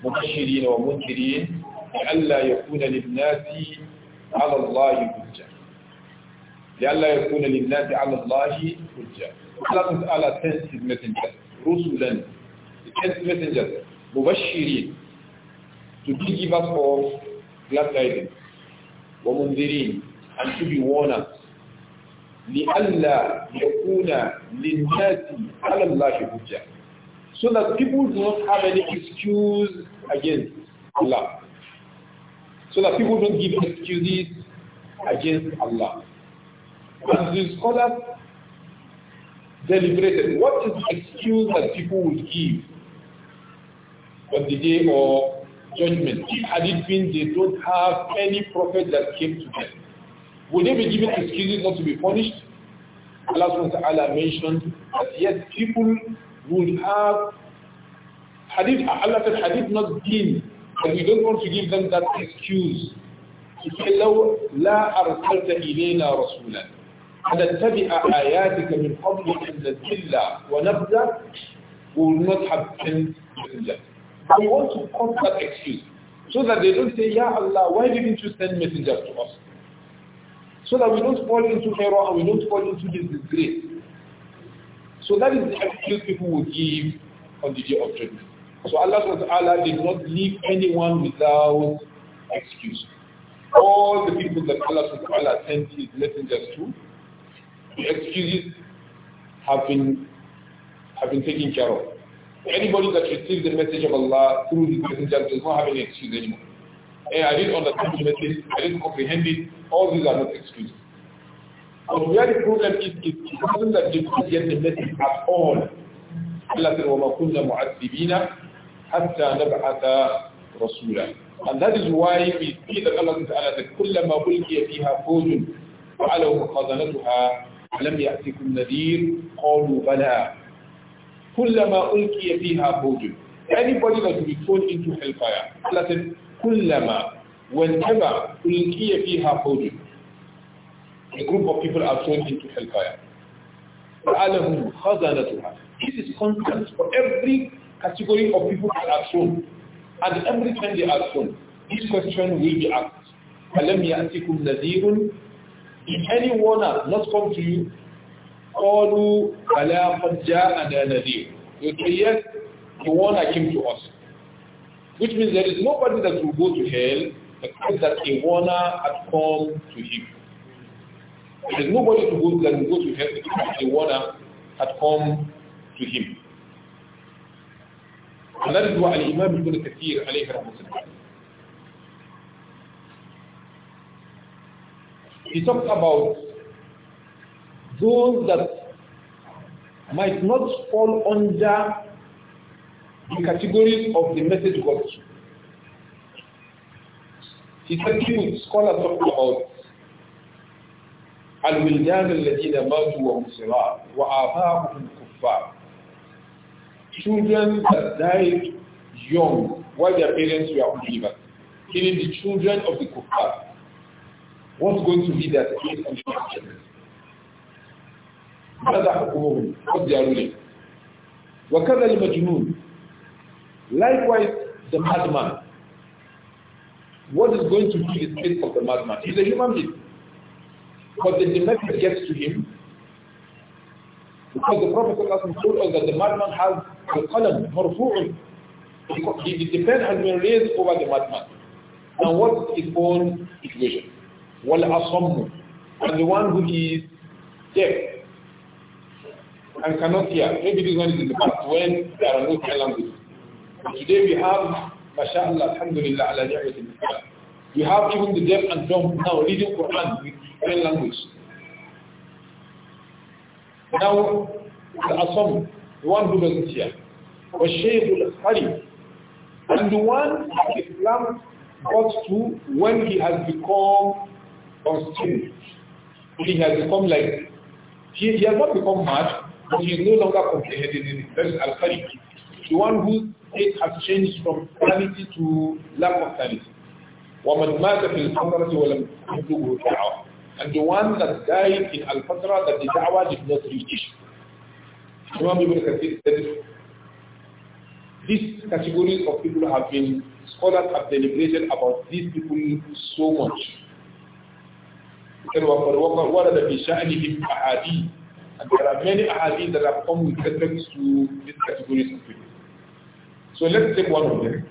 مبشرين ومنذرين لئلا يكون للناس على الله حجه لئلا يكون للناس على الله حجه الله تعالى تنسل مسنجر رسلا تنسل مسنجر مبشرين to give us all glad tidings ومنذرين and to be warned يَكُونَ لِلنَّاسِ عَلَى اللَّهِ حُجَّةً So that people do not have any excuse against Allah. So that people don't give excuses against Allah. And the scholars deliberated, what is the excuse that people would give on the day of judgment? If had it been they don't have any prophet that came to them. Would they be given excuses not to be punished? Allah SWT mentioned that yes, people would have hadith, Allah said hadith not deen, but we don't want to give them that excuse. لو لا أرسلت إلينا رسولا فنتبع آياتك من قبل أن نذل ونبدأ will not have sent messenger. We want to cut that excuse so that they don't say, Ya Allah, why didn't you send messengers to us? So that we don't fall into error and we don't fall into this disgrace. So that is the excuse people will give on the day of judgment. So Allah Allah did not leave anyone without excuse. All the people that Allah SWT sent his messengers to, the excuses have been, have been taken care of. Anybody that receives the message of Allah through his messenger does not have any excuse anymore. Hey, eh, I didn't understand the message, I didn't comprehend it, all these are not excuses. But where the problem is, is it wasn't that they not get the message at all. Allah said, وَمَا مُعَذِّبِينَ حَتَّى نَبْعَثَ رَسُولًا And that is why we see that Allah said, كُلَّمَا بُلْكِيَ فِيهَا فَوْجٌ فَعَلَوْا خَزَنَتُهَا أَلَمْ يَأْتِكُمْ نَذِيرٌ قَالُوا بَلَى كُلَّمَا أُلْكِيَ فِيهَا فَوْجٌ Anybody that will be thrown into hellfire, Allah said, kullama, whenever ulqiya fiha fawjun, a group of people are thrown into hellfire. فَعَلَهُمْ خَزَنَتُهَا This is constant for every category of people that are thrown. And every time they are thrown, this question will be asked. أَلَمْ يَأْتِكُمْ نَذِيرٌ If anyone has not come to you, قَالُوا أَلَا قَدْ جَاءَنَا نَذِيرٌ You say, yes, the one that came to us. Which means there is nobody that will go to hell except that a warner had come to him. There is nobody to go, that will go to hell except a warner had come to him. And that is why Imam Ibn Kathir alayhi He talks about those that might not fall under the categories of the message got to. He said people, scholars talk about al-ladina الذين wa وهم wa وآباؤهم kuffar. Children that died young while their parents were unbelievers, meaning the children of the kuffar. What's going to be their fate and future? ماذا حكمهم؟ what they وكذا المجنون Likewise, the madman. What is going to be the fate of the madman? He's a human being. But the dimension gets to him because the Prophet told us that the madman has the column marfu'un. The defense has been raised over the madman. And what is his own situation? Wal asammu. And the one who is deaf and cannot hear. Maybe this one is in the past when there are no sign Today we have, mashallah, alhamdulillah, ala ni'matin We have even the deaf and dumb now reading Quran with plain language. Now, the Asam, the one who doesn't hear, was Shaykh al-Khari, and the one Islam got to when he has become constrained. He has become like, he, he has not become mad, but he is no longer comprehending it. That is al-Khari, the one who it has changed from sanity to lack of sanity. وَمَنْ فِي الْحَضْرَةِ وَلَمْ And the one that died in Al-Fatra that the da'wah did not reach. Imam Ibn Kathir said, these categories of people have been, scholars have deliberated about these people so much. And there are many ahadith that have come with reference to these categories of people. So let's take one of them.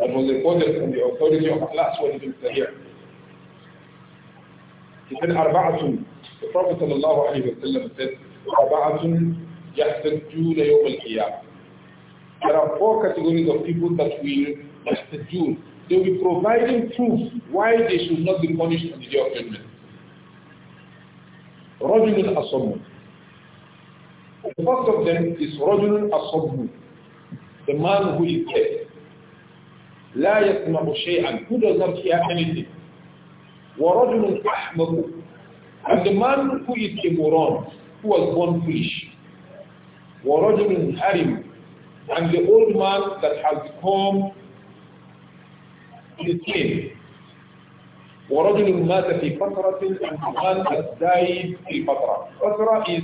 That was reported from the authority of Allah subhanahu here. ta'ala. He said, Arba'atun. The Prophet sallallahu alayhi wa sallam said, Arba'atun yahtajjuna yawm al-qiyamah. There are four categories of people that will yahtajjun. They will be providing proof why they should not be punished on the day of judgment. رجل أصم. The first of them is رجل أصم the man who is dead. لا يسمع شيئا who does not hear anything ورجل and the man who is moron who was born foolish ورجل harim and the old man that has become insane ورجل مات في فترة and the man that died في فترة فترة is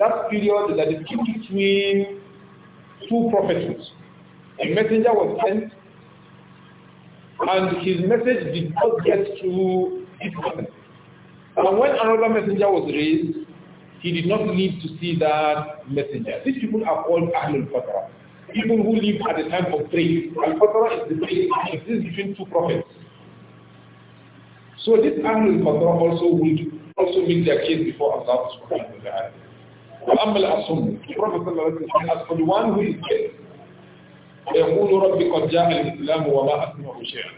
that period that is between two prophets a messenger was sent and his message did not get to his person. And when another messenger was raised, he did not need to see that messenger. These people are called Ahlul Fatra. People who live at the time of praise. Al-Fatra is the place that exists between two prophets. So this Ahlul Fatra also would also make their case before Allah subhanahu wa ta'ala. وأما الأصم, the Prophet ﷺ said, as for the one who is dead, فيقول ربي قد جاء الإسلام وما أسمع شيئا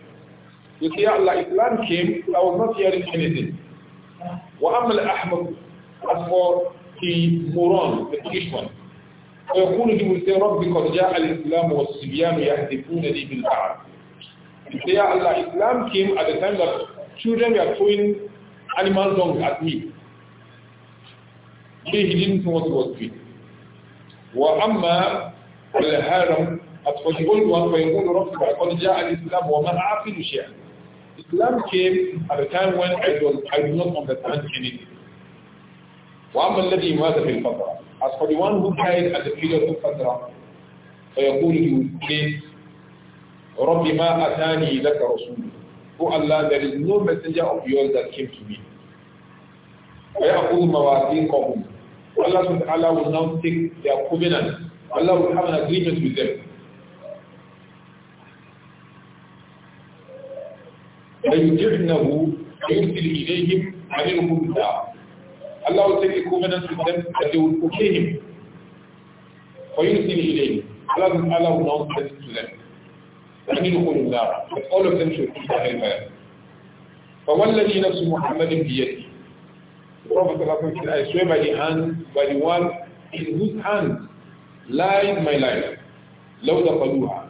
You see, Islam came, I was not hearing anything. وأما الأحمد as for the moron, the Jewish ربي قد جاء الإسلام والصبيان يهدفون لي بالبعض. You say, Allah, came at the time that children were throwing animal dung at me. He didn't know what he was doing. وأما الهرم as for the one, قَدْ جَاءَ الْإِسْلَامُ وَمَنْ عَقِلُ شَيْئًا Islam came at a time when I, was, I not understand anything. وَأَمَّا الَّذِي مَاتَ فِي الْفَطْرَةِ As for the one who died at the period of Fatra, فَيَقُولُ He would say, رَبِّ مَا أَتَانِي لَكَ رَسُولُ O Allah, there is no messenger of yours that came to me. فَيَأْخُذُ مَوَاثِيقَهُمْ Allah subhanahu wa will now take their covenant. Allah will have an agreement with them. فيجرنه ويرسل إليهم عليهم داء الله will take a covenant with them that they will obey him فيرسل إليهم Allah will allow not to them عليهم داء but all of them should be hellfire فوالذي نفس محمد بيده The Prophet said, I swear by the hand, by the one in whose hand lies my life. لو دخلوها.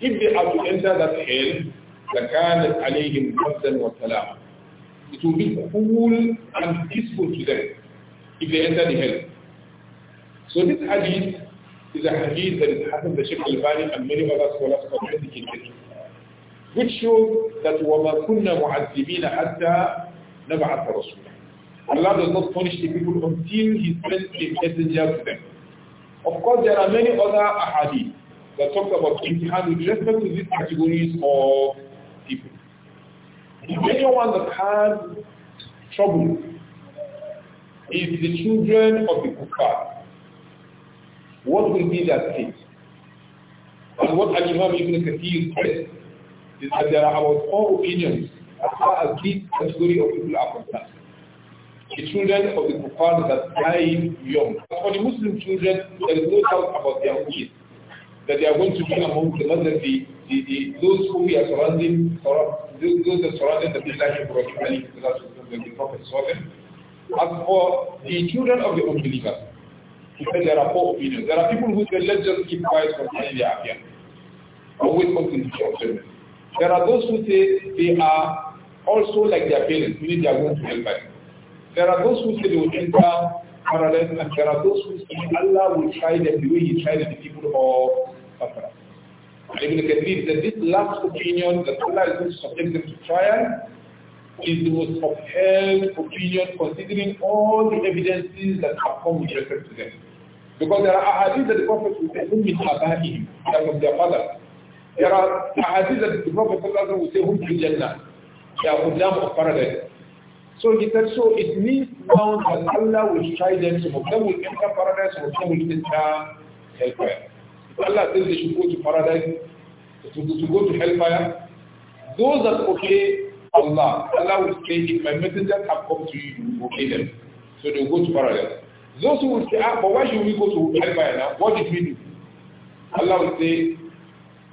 If they are to enter that hell, لكانت عليهم خمسا وسلام. It will be cool and peaceful to them if they enter the hell. So this hadith is a hadith that is happened the Sheikh Al-Bani and many other scholars commented in it, which shows that وَمَا كُنَّا مُعَذِّبِينَ حَتَّى نَبْعَثَ رَسُولًا Allah does not punish the people until He sends a messenger to them. Of course, there are many other ahadith that talk about imtihan with respect to these categories of the one that has trouble is the children of the kufar. What will be their fate? And what have imam Ibn Kathir said is that there are about four opinions as far as this category of people are concerned. The children of the kufar that die young. But for the Muslim children, there is no doubt about their age that they are going to be among the, the, the, those who we are surrounding, surrounding those that surrounded the of Prophet Ibrahim and the Prophet saw them. As for the children of the unbelievers, he said there are four opinions. There are people who say, let's just keep quiet for concerning their affair. Always something to show them. There are those who say they are also like their parents, meaning they are going to hell, hellfire. There are those who say they will enter paradise, and there are those who say Allah will try them the way He tried the people of Safra. Ibn Kathir said this last opinion that Allah is going to subject them to trial is the most upheld opinion considering all the evidences that have come with respect to them. Because there are hadiths that the Prophet will say, whom min abahim, that from their father. There are hadiths that the Prophet will say, whom fil jannah, they are from of paradise. So he said, so it means now that Allah will try them, some of them will enter paradise, some of them will enter hellfire. Allah says they should go to paradise, to, to go to hellfire. Those that obey Allah, Allah will say, if my messengers have come to you, obey them. So they'll go to paradise. Those who will say, ah, but why should we go to hellfire now? What did we do? Allah will say,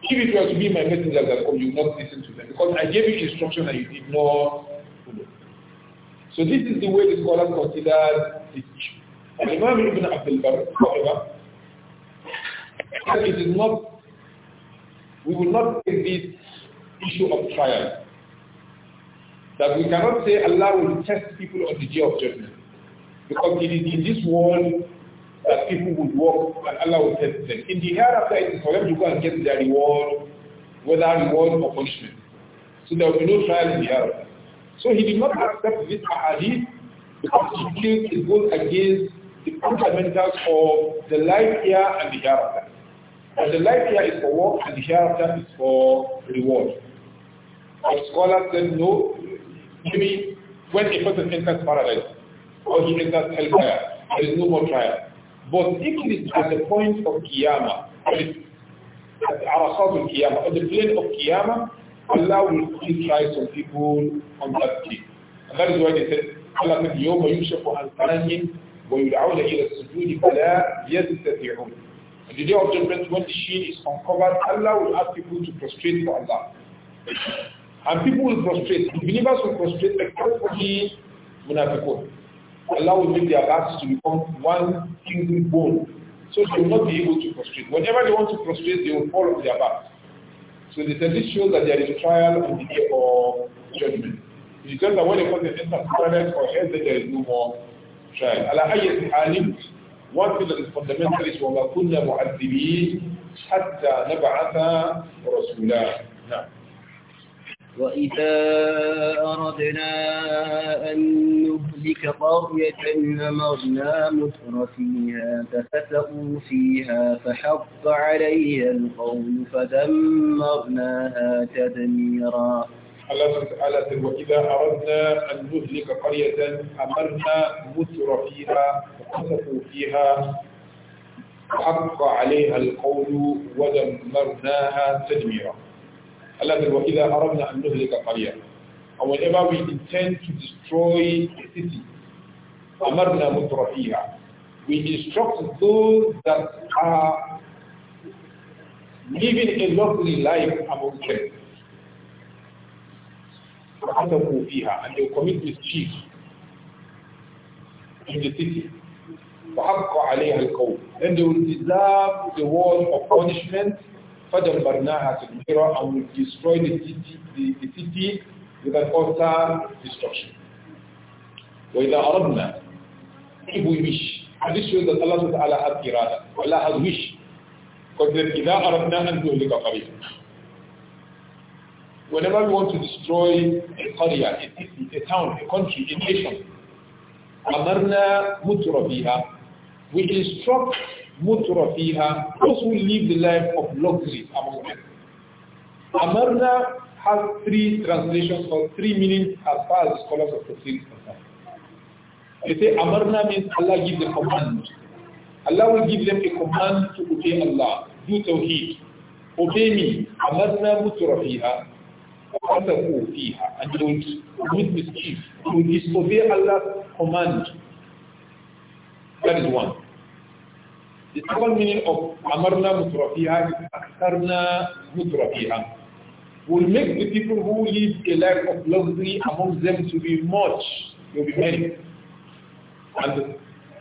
if it were to be my messengers that come, you will not listen to them. Because I gave you instruction and you did not follow. So this is the way the scholars consider this issue. And Imam Ibn Abdul Barr, however, it is not, we will not take this issue of trial. That we cannot say Allah will test people on the day of judgment. Because it is in this world that people will walk and Allah will test them. In the hereafter, it is for them to go and get their reward, whether reward or punishment. So there will be no trial in the hereafter. So he did not accept this hadith because he feels it goes against the fundamentals of the life here and the hereafter. And the life here is for work and the hereafter is for reward. Our scholars said know. maybe when a person enters paradise or he enters hellfire, there is no more trial. But if it is at the point of Qiyamah, at Arasat al-Qiyamah, at the plane of Qiyamah, Allah will still try some people on that day. And that is why they said, Allah said, يَوْمَ يُشَفُ عَنْ قَرَنٍ وَيُدْعَوْنَ إِلَى السُّجُودِ فَلَا يَسْتَطِعُونَ on the day of judgment, when the shield is uncovered, Allah will ask people to prostrate for Allah. And people will prostrate. The believers will prostrate except for the munafiqun. Allah will make their backs to become one single bone. So they will not be able to prostrate. Whenever they want to prostrate, they will fall on their backs. So the this shows that there is trial on the day of judgment. It just that when they person enters paradise or hell, there is no more trial. Allah One thing وَمَا كُنَّا مُعَذِّبِينَ حَتَّى نَبْعَثَ رَسُولًا نعم وإذا أردنا أن نهلك قرية أمرنا متر فيها ففتقوا فيها فحق عليها القول فدمرناها تدميرا Allah said, وَإِذَا أَرَدْنَا أَنْ نُهْلِكَ قَرْيَةً أَمَرْنَا مُتْرَ فِيهَا فِيهَا حق عليها القول ودمرناها تدميرا Allah وَإِذَا أَرَدْنَا أَنْ نُهْلِكَ قَرْيَةً And whenever we intend to destroy a city, أَمَرْنَا مُتْرَ فِيهَا We instruct those that are living a lovely life among them. فقتلوا فيها and they commit mischief in the city فحق عليها القول then they will deserve the word of punishment فدمرناها تدميرا and will destroy the city, the, the city with an utter destruction وإذا أردنا if we wish and this shows that Allah subhanahu wa ta'ala has irada Allah has wish because إذا أردنا أن تهلك قريبا whenever we want to destroy a area, a a town, a country, a nation, Amarna mutrafiha, we instruct mutrafiha, those who live the life of luxury among them. Amarna has three translations or three meanings as far as scholars of the is concerned. They say Amarna means Allah gives a command. Allah will give them a command to obey Allah, do tawheed. Obey me. Amarna mutrafiha. وَقَتَفُوا فِيهَا And don't commit mischief, don't disobey Allah's command. That is one. The second meaning of أَمَرْنَا مُتْرَفِيهَا is أَكْثَرْنَا مُتْرَفِيهَا will make the people who live a life of luxury among them to be much, to be many. And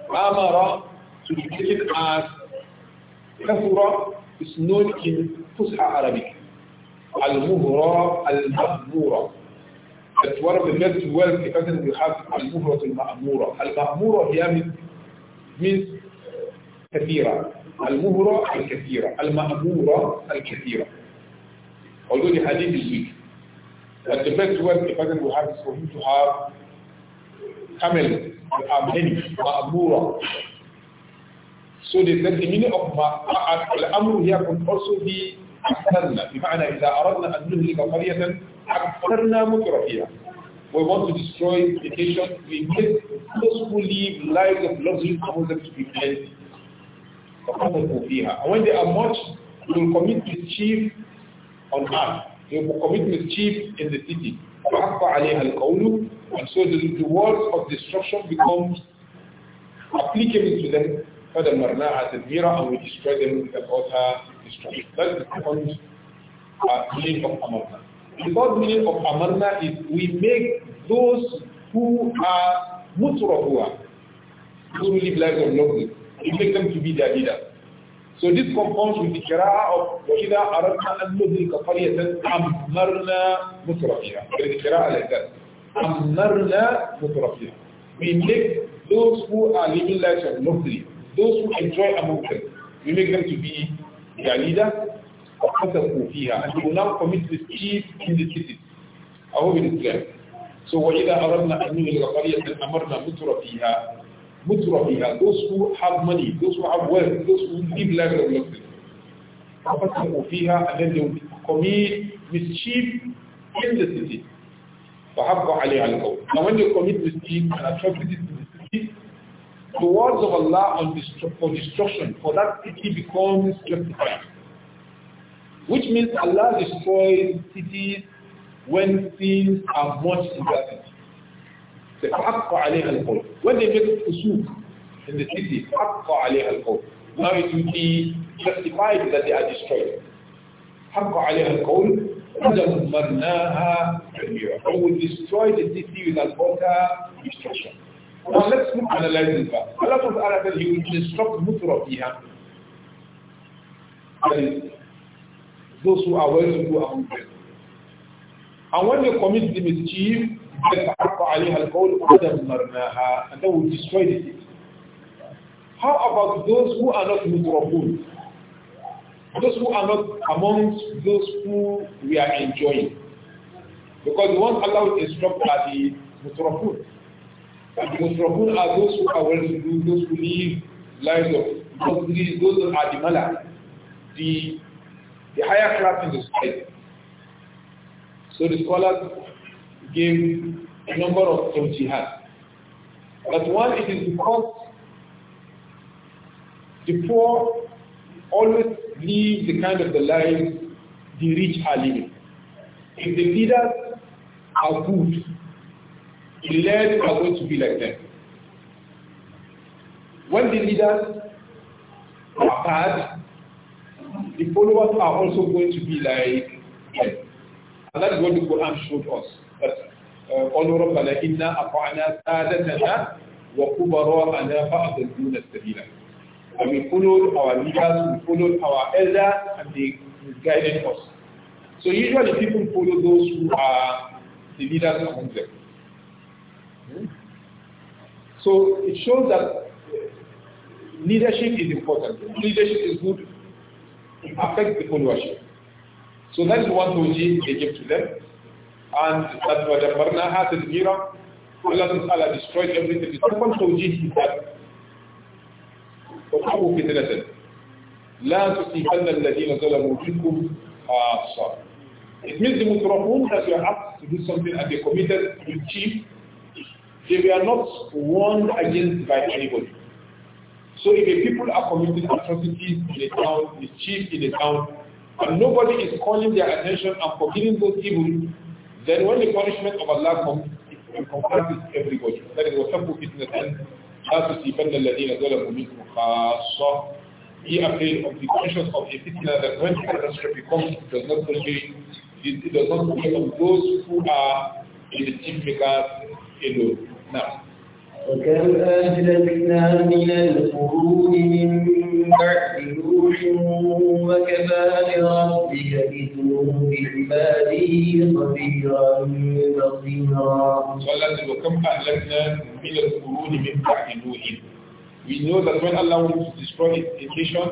amara to be taken as kafura is known in Fusha Arabic. المهرة المأمورة It's one of the best wealth have المهرة المأمورة المأمورة هي means كثيرة المهرة الكثيرة المأمورة الكثيرة although the hadith is weak but the best wealth the person will have is for him to have مأمورة So they said the meaning of al-amru here can also be أكثرنا بمعنى إذا أردنا أن نهلك قرية أكثرنا فيها We want to destroy the nation. We make peaceful live lives of luxury among them to be blessed. And when they are much, we will commit mischief on earth. We will commit mischief in the city. And so the, the words of destruction becomes applicable to them فَدَمَّرْنَاهَا تَدْمِيرًا and we destroyed them with the utter destruction. That's the second uh, meaning of amarna. The third meaning of amarna is we make those who are mutrafua, who live lives of luxury, we make them to be their leader. So this conforms with the qira'ah of وَإِذَا أَرَدْنَا أَن نُّذْرِكَ قَرْيَةً Amarna مُتْرَفِيهَا There is a qira'ah like that. أَمَّرْنَا مُتْرَفِيهَا We make those who are living lives of luxury, those who enjoy among them, you make them to be their leader, فَتَقُوا فِيهَا And they will now commit this chief in the city. I hope it is clear. So وَإِذَا أَرَدْنَا أَنْ نُغْلِقَ قَرْيَةً أَمَرْنَا مُتْرَ فِيهَا مُتْرَ فِيهَا Those who have money, those who have wealth, those who live life of luxury. فَتَقُوا فِيهَا And then they will commit mischief in the city. فَحَبَّ عَلَيْهَا الْقَوْمِ Now when they commit mischief and atrocities the words of Allah on destru for destruction, for that city becomes justified. Which means Allah destroys cities when sins are much in that city. When they make fusuk in the city, now it will be justified that they are destroyed. حق عليها القول ودمرناها will destroy the city with an utter destruction. Now let's look analyze this verse. Allah Ta'ala said he will instruct Mutrafiha. That is, those who are well to do among them. And when they commit the mischief, and they will destroy the city. How about those who are not mutrafun? Those who are not amongst those who we are enjoying. Because the one Allah will instruct are the mutrafun. The whom are those who are well-to-do, those who live lives of luxury, those who are the mala, the, the higher class in the society. So the scholars gave a number of jihad. But one, it is because the poor always live the kind of the lives the rich are living. If the leaders are good, the leaders are going to be like them. When the leaders are bad, the followers are also going to be like them. And that's what the Quran showed us. That قالوا ربنا إنا أطعنا سادتنا وكبراءنا فأضلونا السبيل And we followed our leaders, we followed our elders, and they guided us. So usually people follow those who are the leaders among them. So it shows that leadership is important. Leadership is good. It affects the followership. So that is what tawjeeh they gave to them. And that وَدَمَّرْنَاهَا تَدْمِيرًا Allah Ta'ala destroyed everything. The second tawjeeh is that وَقَعُوا فِتْنَةً لَا تُصِيبَنَّ الَّذِينَ ظَلَمُوا مِنْكُمْ خَاصَّةً It means the mutrafun that you are asked to do something and they committed to achieve. They were not warned against by anybody. So if the people are committing atrocities in a town, mischief in a town, and nobody is calling their attention and forgiving those evil, then when the punishment of Allah comes, it encompasses everybody. That is what Sabu Fitnatan, Hasu Sibanna Ladina Zola Mumikum Khasa. Be afraid of the conscience of a fitna that when the catastrophe comes, it does not only, it does not only those who are in the chief makers, يفسدون نعم وكم أهلكنا من القرون من بعد نوح وكفى بربك بذنوب عباده خبيرا بصيرا. وكم أهلكنا من القرون من بعد نوح. We know that when Allah wants to destroy a nation,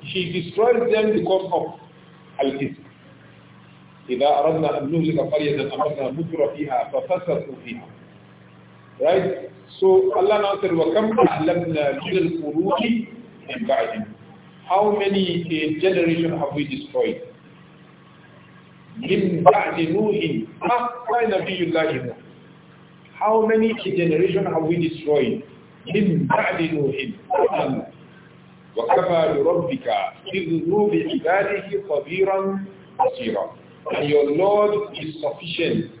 He destroys them because of al-Fisk. إذا أردنا أن نهلك قرية أمرنا متر فيها ففسقوا فيها right so Allah now said وَكَمْ أَعْلَمْنَا مِنَ الْقُرُونِ مِنْ بَعْدِهِمْ how many generations have we destroyed من بعد نوح أخطى نبي الله نوح how many generations have we destroyed من بعد نوح وكفى في بذنوب عباده خبيرا بصيرا And your Lord is sufficient.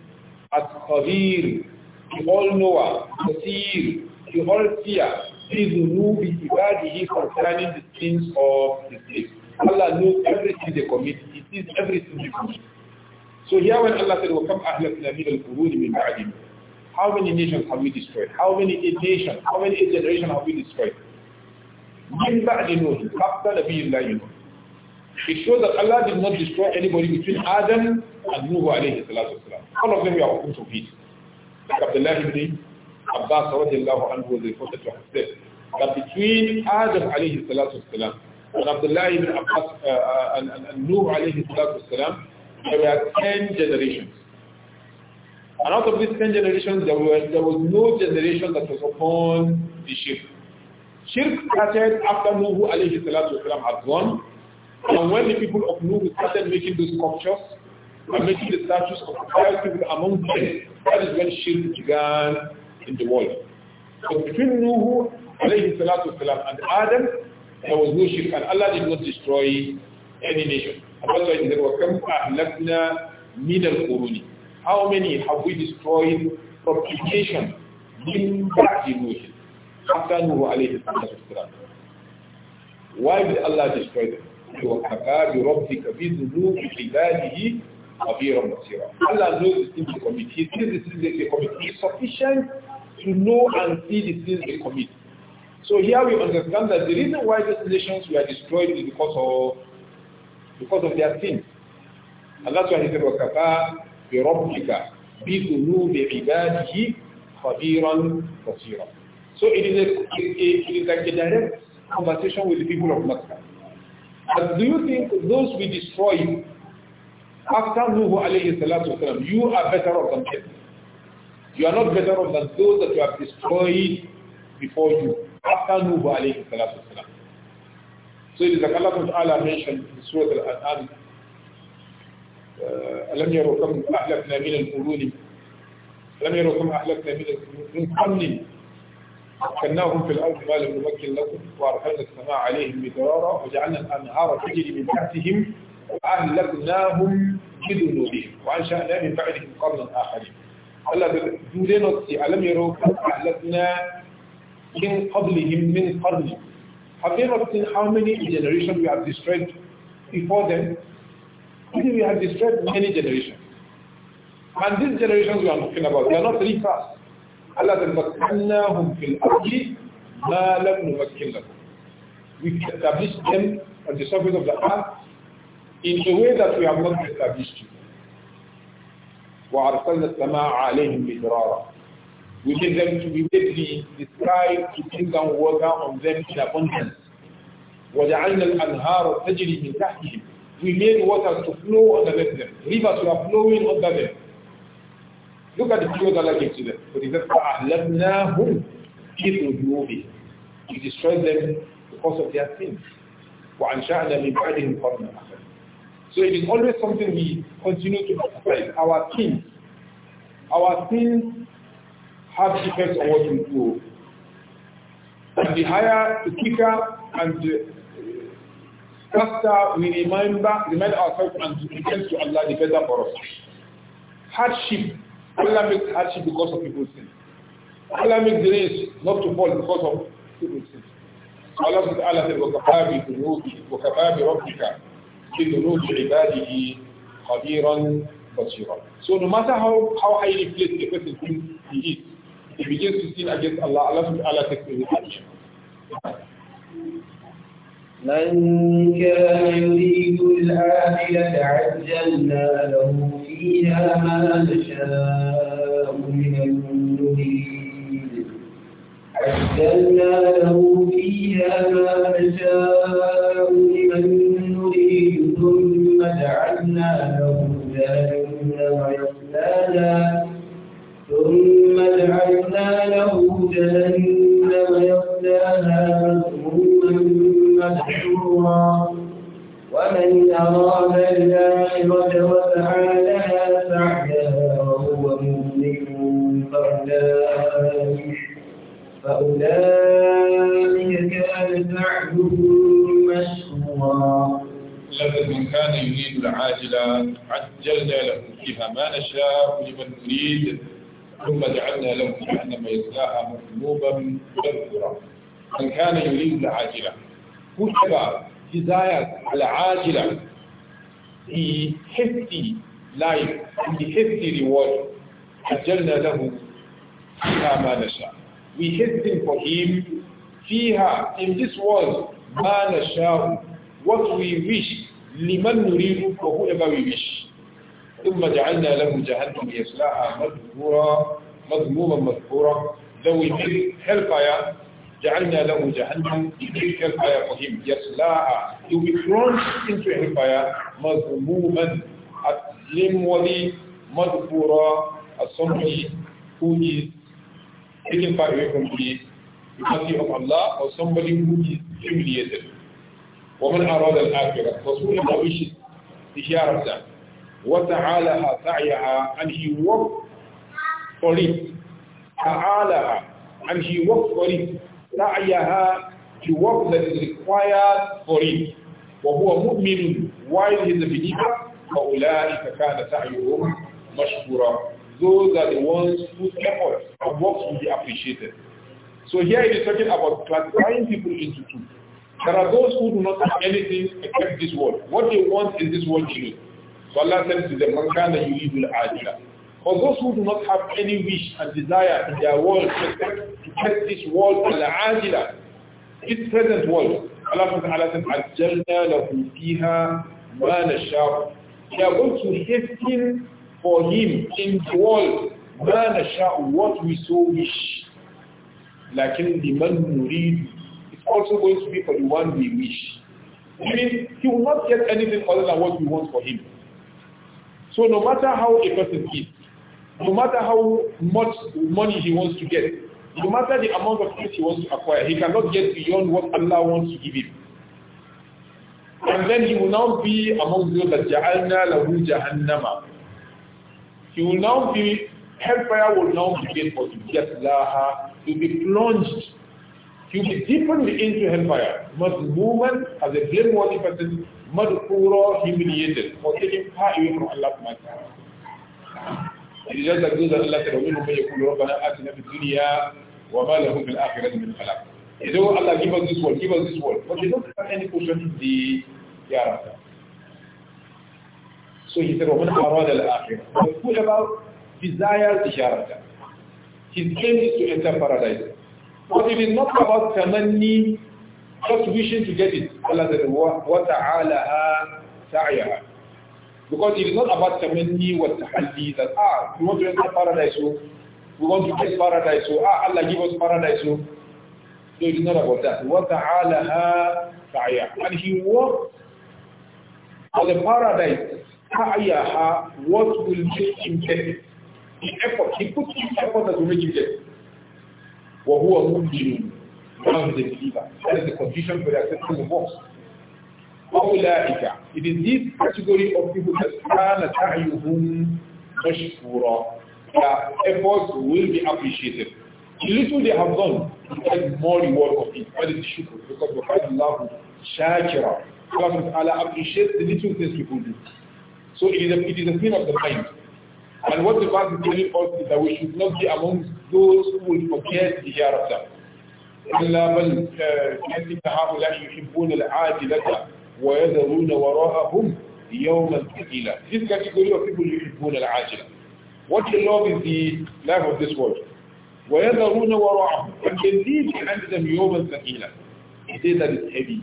As-Qadir, the All-Knower, Qadir, the All-Seer, Fizunu ibadihi concerning the sins of the slaves. Allah knows everything they commit. He sees everything they commit. So here when Allah said, وَكَمْ أَهْلَكْنَا مِنَ الْقُرُونِ مِنْ بَعْدِهِ How many nations have we destroyed? How many nations, how many generations have we destroyed? مِنْ بَعْدِ نُوحٍ حَتَّى نَبِيِّ اللَّهِ it shows that Allah did not destroy anybody between Adam and Nuh alayhi salatu wasalam. All of them were victims of heat. Like Abdullah ibn Abbas radiallahu anhu was reported to have said that between Adam alayhi salatu wasalam and Abdullah ibn Abbas uh, uh, and, and, and Nuh alayhi salatu wasalam, there were 10 generations. And out of these 10 generations, there, were, there was no generation that was upon the shirk. Shirk started after Nuh alayhi salatu wasalam had gone and when the people of Nuh started making those sculptures and making the statues of pious people among them, that is when shirk began in the world. So between Nuh alayhi salatu and Adam, there was no shirk and Allah did not destroy any nation. And that's why he said, وَكَمْ أَهْلَكْنَا مِنَ الْقُرُونِ How many have we destroyed from a nation in that devotion? After Nuh alayhi salatu Why did Allah destroy them? وكفى بربك بذنوب عباده خبيرا بصيرا Allah knows the things they commit. He sees the things they commit. It's sufficient to know and see the things they commit. So here we understand that the reason why these nations were destroyed is because of because of their sins. And that's why he said, وَكَفَى بِرَبِّكَ بِذُنُوبِ عِبَادِهِ خَبِيرًا بَصِيرًا So it is, a, it, it is like a direct conversation with the people of Makkah. But do you think those we destroy after Nuhu alayhi salatu wasalam, you are better off than them? You are not better off than those that you have destroyed before you, after Nuhu alayhi salatu wasalam. So it is like Allah Ta'ala mentioned in Surah Al-An'am, ألم يروا كم أهلكنا من القرون ألم يروا كم أهلكنا من القرون من قرن مكناهم في الأرض ما لم نمكن لكم وأرحلنا وأمطرنا عليهم مدرارا وجعلنا الأنهار تجري من تحتهم وأهلكناهم بذنوبهم وأنشأنا من بعدهم قرنا آخرين Allah do they not see أهلكنا من قبلهم من قرن have they not seen how many generations we have destroyed before them Maybe we have destroyed many generations and these generations we are talking about they are not really fast Allah said فَكَّلْنَاهُمْ فِي الْأَرْضِ مَا لَمْ نُمَكِّنْ لَكُمْ we establish them on the surface of the earth in a way that we have not established you. We made them to be made the sky to bring down water on them in abundance. وَجَعَلْنَا الْأَنْهَارَ تَجْرِي مِنْ تَحْتِهِمْ We made water to flow under them. Rivers were flowing under them. Look at the people that Allah gave to them. For example, أَهْلَبْنَاهُمْ إِذْ نُجُوبِهِمْ We destroyed them because of their sins. وَأَنْشَأْنَا مِنْ بَعْدِهِمْ قَرْنًا So it is always something we continue to emphasize, our sins. Our sins have effects on what we do. And the higher, the quicker, and the uh, faster we remember, remind ourselves and repent to Allah, the better for us. Hardship. Allah makes hardship because of people's sins. Allah makes grace not to fall because of people's sins. قال مسألة وكفى بذنوب وكفى بربك بذنوب عباده خبيرا بصيرا. So no matter how, how highly placed a person thinks he is, he begins to sin against Allah, Allah, subhanahu wa ta'ala takes away action. من كان يريد الآخرة عجلنا له فيها ما نشاء من المؤمنين وأعتدنا له فيها ما نريد ثم جعلنا له جهنم يصلاها ثم مدحورا ومن أراد الآخرة وسعى لها سعيها وهو مؤمن فأولئك فأولئك كان سعيهم مشكورا لقد من كان يريد العاجلة عجلنا له فيها ما نشاء لمن نريد ثم جعلنا له جهنم يصلاها مذنوبا مدبرا من كان يريد العاجلة كتب جزايا العاجلة في حفتي life, في حفتي reward. عجلنا له فيها ما نشاء we hasten for him fiha in this world ma what we wish liman nuridu for whoever we wish ثم جعلنا له جهنم يصلاها مذكورا مذموما مذكورا لو يجري hellfire جعلنا له جهنم يجري hellfire for يصلاها be thrown into hellfire مذموما a blameworthy مذكورا as somebody taken far away from the mercy of Allah or somebody who is humiliated. ومن أراد الآخرة فصول wishes the hereafter وتعالها سعيها and he worked for it تعالها and he worked for it سعيها the work that is required for it وهو مؤمن while he is a believer فأولئك كان سعيهم مشكورا those are the ones whose efforts and works will be appreciated. So here it is talking about classifying people into two. There are those who do not have anything except this world. What they want is this world alone. So Allah says to them, leave will ajila. For those who do not have any wish and desire in their world except to get this world al-ajila, this present world, Allah says, Ajjalna lahu fiha ma nasha'u. They are going to hasten for him in the world ما نشاء what we so wish لكن لمن نريد it's also going to be for the one we wish mean, he will not get anything other than what we want for him so no matter how a person is no matter how much money he wants to get no matter the amount of things he wants to acquire he cannot get beyond what Allah wants to give him and then he will now be among those that جعلنا lahu جهنم you will now be, hellfire will now begin for you. Yes, Laha. You'll be plunged. You'll be deepened into hellfire. Madhuman, as a blameworthy person, madhura, humiliated, for taking part away from Allah subhanahu You جاز Allah الا تلومنهم من يقول ربنا اتنا في الدنيا وما لهم في الاخره من خلاق. إذا الله give us this world, give us this world. But they don't have any portion in the hereafter. So he said, وَمَنْ أَرَادَ الْآخِرَةِ The fool about desires the His aim is to enter paradise. But it is not about tamanni, just wishing to get it. Allah said, وَتَعَالَهَا سَعْيَهَا Because it is not about tamanni wa tahalli that, ah, we want to enter paradise, so oh. we want to get paradise, so oh. ah, Allah give us paradise, so. Oh. So it is not about that. وَتَعَالَهَا سَعْيَهَا And he walked for the paradise what will make him get it? The effort, he puts in effort that will make him get it. وَهُوَ مُؤْمِنٌ Now he's a believer. That is the condition for the acceptance of works. أولئك It is this category of people that كان سعيهم مشكورا Their efforts will be appreciated. The little they have done, you get more reward of it. That is shukr. Because وَقَدْ اللَّهُ شَاكِرًا Allah appreciates the little things people do. So it is a, it is a thing of the mind. And what the verse is telling us is that we should not be among those who will forget the hereafter. إلا بل إن هؤلاء يحبون العاجلة ويذرون وراءهم يوما ثقيلا. This category of people يحبون العاجلة. What they love is the life of this world. ويذرون وراءهم and they leave behind them يوما ثقيلا. A day that is heavy.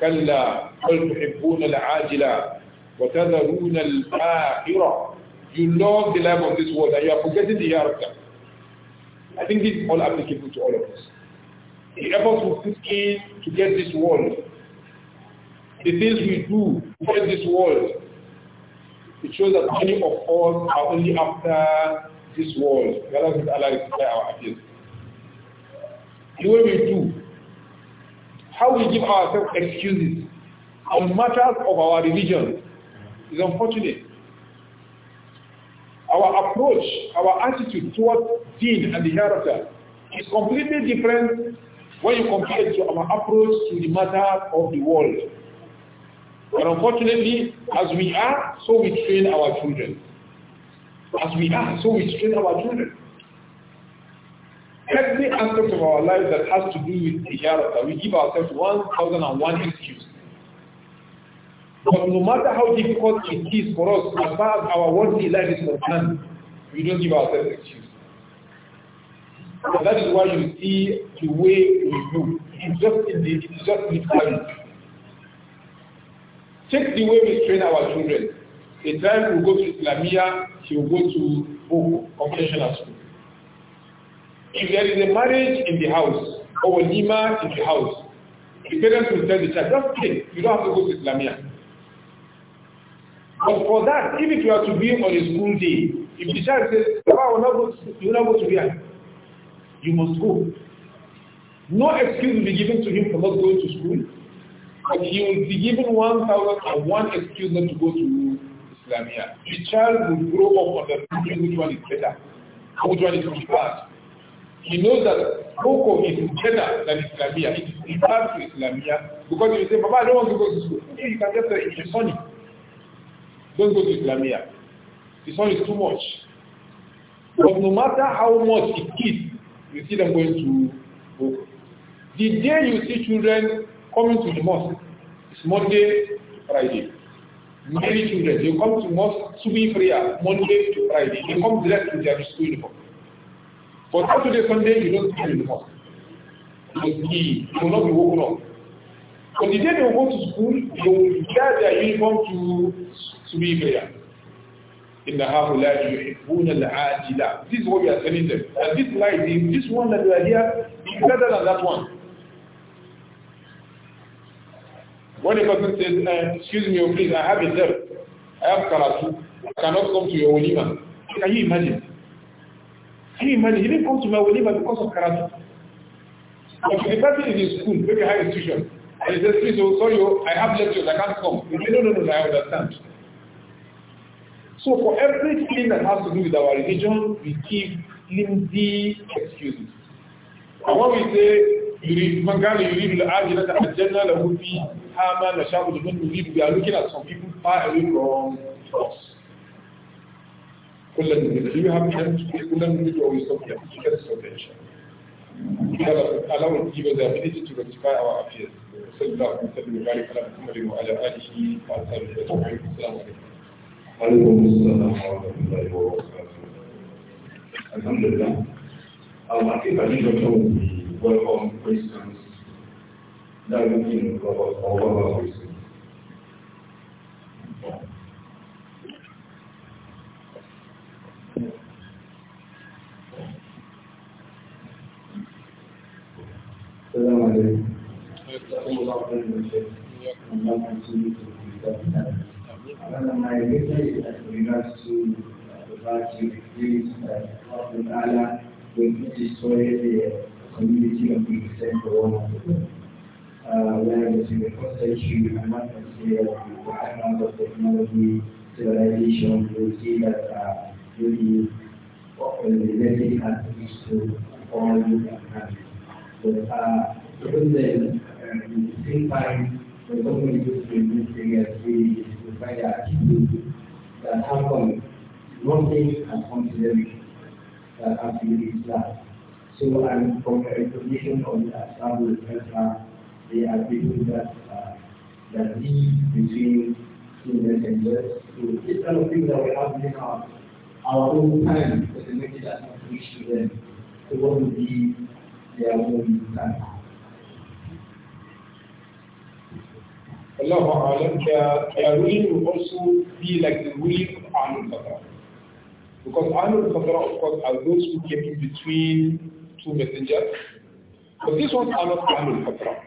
كلا بل تحبون العاجلة وَتَذَرُونَ الْآخِرَةَ You love the life of this world and you are forgetting the hereafter. I think this is all applicable to all of us. The efforts we put in to get this world, the things we do to get this world, it shows that many of us are only after this world. Whereas Allah our appeal. The way we do, how we give ourselves excuses on matters of our religion, is unfortunate. Our approach, our attitude towards deen and the hereafter is completely different when you compare it to our approach to the matter of the world. But unfortunately, as we are, so we train our children. As we are, so we train our children. Every aspect of our life that has to do with the hereafter, we give ourselves 1,001 excuses. But no matter how difficult it is for us, as far as our worldly life is concerned, we don't give ourselves excuses. that is why you see the way we do. It's just in the, it's just in the Take the way we train our children. A child will go to Islamia, he will go to Boko, conventional school. If there is a marriage in the house, or a lima in the house, the parents will tell the child, just stay, you don't have to go to Islamia. But for that, if it were to be on a school day, if the child says, Papa, will not go to, you're not go to here, you must go. No excuse will be given to him for not going to school, but he will be given 1,001 excuse not to go to Islamia. The child will grow up on the understanding which one is better, which one is preferred. He knows that Boko is better than Islamia. It is preferred to Islamia because he you say, Papa, I don't want to go to school, okay, you can just say, it's funny. Don't go to Islamia. This one is too much. But no matter how much it is, you see them going to book. The day you see children coming to the mosque, it's Monday to Friday. Many children, they come to mosque to be prayer Monday to Friday. They come dressed to their school uniform. For Saturday, Sunday, you don't see them in the mosque. Because he will not be woken up. But the day they go to school, they will wear their uniform to to be clear. In the هؤلاء يحبون العاجلة. This is what we are telling them. And this light, this one that we are here, is better than that one. When a person says, uh, excuse me, oh, please, I have a debt. I have karatu. I cannot come to your walima. Can you imagine? Can you imagine? He didn't come to my walima because of karatu. But if the person is in school, maybe high institution, and he says, please, oh, sorry, oh, I have lectures, I can't come. He says, no, no, no, I understand. So for everything that has to do with our religion, we keep flimsy excuses. And when we say, you live can you the argument that the general would be Haman, the Shabu, the we are looking at some people far away from us. Do you have time to speak? Kulan Nidhi, or we stop here? We can stop here. Allah will give us the ability to rectify our affairs. صلى الله عليه وسلم وبارك على محمد وعلى اله وصحبه وسلم عليكم السلام ورحمة الله وبركاته الحمد لله I I need to welcome Christians that are looking So it is a community of being sent for one another. Uh, whereas I'm to say the advent of technology, civilization, we see all and countries. But ah, um, the same time, the company used to this thing as we to find that happens. One and consider that has to so, and from the recognition of the Ashabul Fatra, they are people that, uh, that live between sinners and just. So, these kind of things that we have in our, our own time, because the message has not reached to them. So, what would be their own time? Allah Alam, their ruling will also be like the ruling of Anul Fatah. Because Anul Fatah, of course, are those who came in between two messengers. But this one are not Ahlul Fatra.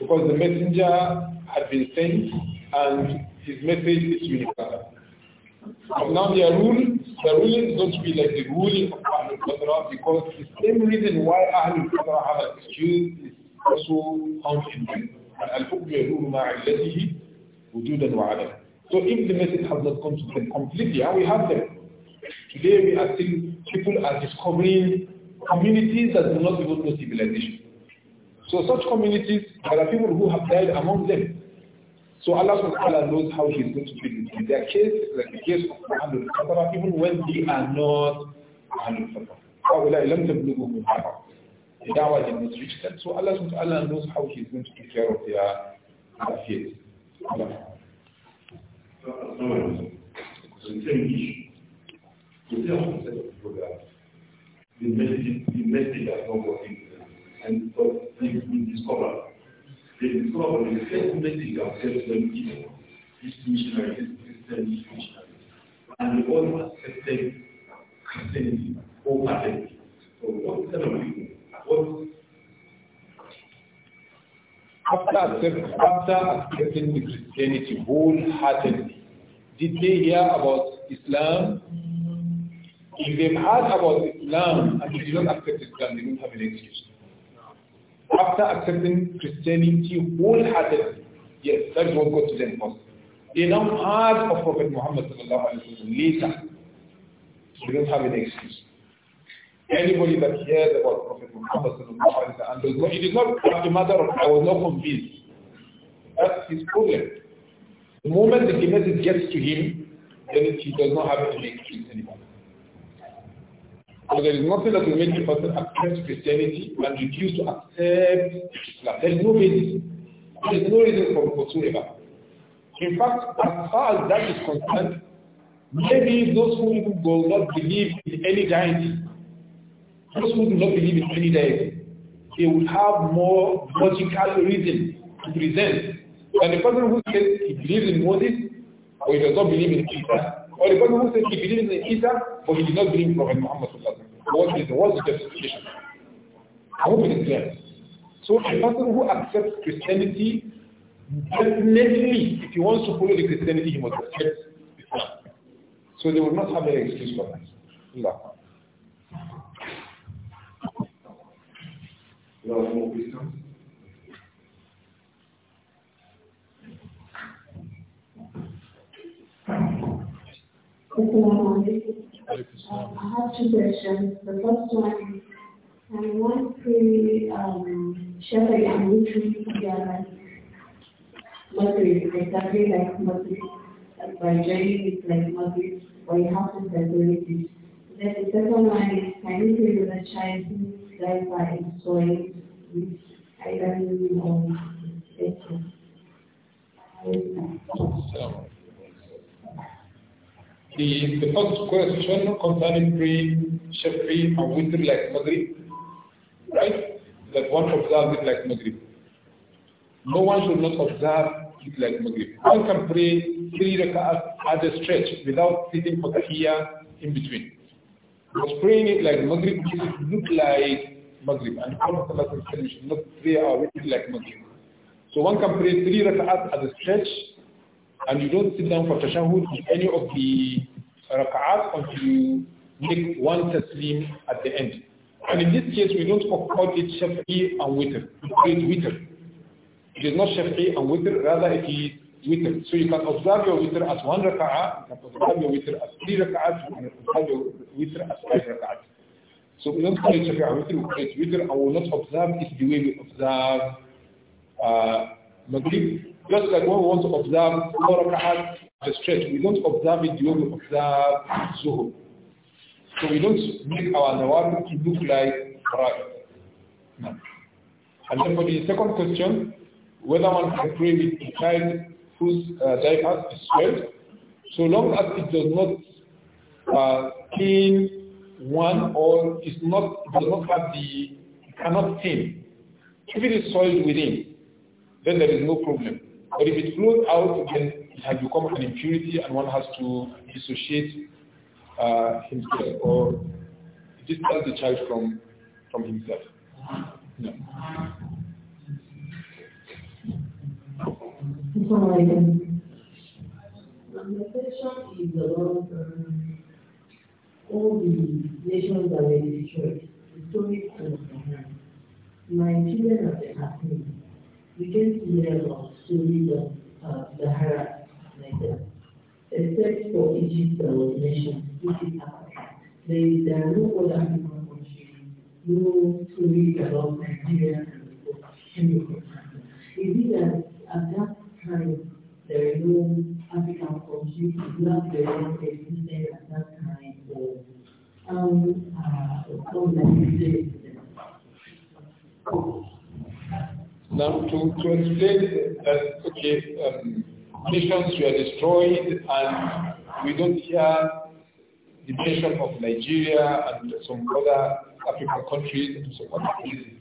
Because the messenger had been sent and his message is unique. But now their rule, the ruling is going to be like the ruling of Ahlul Fatra because the same reason why Ahlul Fatra have an excuse is also found in So if the message has not come to them completely, and we have them. Today we are still, people are discovering communities that do not even know civilization. So such communities, there are people who have died among them. So Allah subhanahu wa ta'ala knows how he's going to treat them. Their case is like the case of Muhammad, Ahlul Fatara, even when they are not Ahlul Fatara. هؤلاء لم تبلغهم الحرام. The da'wah did not reach them. So Allah subhanahu wa ta'ala knows how he's going to take care of their affairs. Allah. Thank you the message, the message has not working. Uh, and so they will discover. They discover the same message that helps them eat Christian And they all accepted Christianity wholeheartedly. So what kind of people? What after accepting Christianity wholeheartedly, did they hear about Islam if they've heard about Islam and they don't accept Islam, they don't have an excuse. After accepting Christianity wholeheartedly, yes, that is what got to them first. They now heard of Prophet Muhammad later. They don't have an excuse. Anybody that hears about Prophet Muhammad and does not, it is not a matter of I was not convinced. That's his problem. The moment the message gets to him, then he does not have an excuse anymore. And there is nothing that will make a person accept Christianity and refuse to accept Islam. There is no basis. There is no reason for whatsoever. In fact, as far as that is concerned, maybe those who will not believe in any deity, those who do not believe in any deity, they will have more logical reason to present than the person who says he believes in Moses or he does not believe in Jesus. Or the person who said he believed in Isa, but he did not believe in Prophet Muhammad sallallahu What is the what's the justification? I hope it is clear. So a person who accepts Christianity, definitely, if he wants to follow the Christianity, he must accept Islam. So they will not have any excuse for that. Allah. No more questions. I have two questions. The first one is, I want to um, share the ambition together. What is exactly like what is like by joining it's like what is or you have to separate Then the second one is, can you give the child whose life I enjoy with either you or better? The, the first question concerning pre Shafi and winter like Maghrib, right? That one observes it like Maghrib. No one should not observe it like Maghrib. One can pray three rak'ahs at a stretch without sitting for tahiyya in between. But praying it like Maghrib makes it look like Maghrib. And the Prophet should not pray our Witr like Maghrib. So one can pray three rak'ahs at a stretch and you don't sit down for tashahud in any of the rak'ahs until you make one taslim at the end. And in this case, we don't call it shafi and witr. We call it witr. It is not shafi and witr, rather it is witr. So you can observe your witr as one rak'ah, you can observe your witr as three rak'ahs, you can observe your witr as five rak'ahs. So we don't call it shafi and witr, we call it witr, and we will not observe it the way we observe uh, maghrib, just like when we want to observe four rakahat at a stretch, we don't observe it the way we observe So we don't make our nawab look like right. No. And then for the second question, whether one can pray with a child whose uh, is swelled, so long as it does not uh, one or is not does not have the cannot thin. If it is soiled within, then there is no problem. But if it flows out, then it has become an impurity and one has to dissociate uh, himself or distance the child from, from himself. No. Manifestation is about um, all the nations that were destroyed, the stories of My children are the happening. We can see them off to read the uh, Sahara like Except for Egypt the nation, which is Africa. There, is, there are no other African countries, no to read about Nigeria and Is it that at that time there are no African countries, not the one existed at that time, or um, uh, or like this? Now, to, to explain that, okay, um, nations were destroyed and we don't hear the nation of Nigeria and some other African countries and some other places.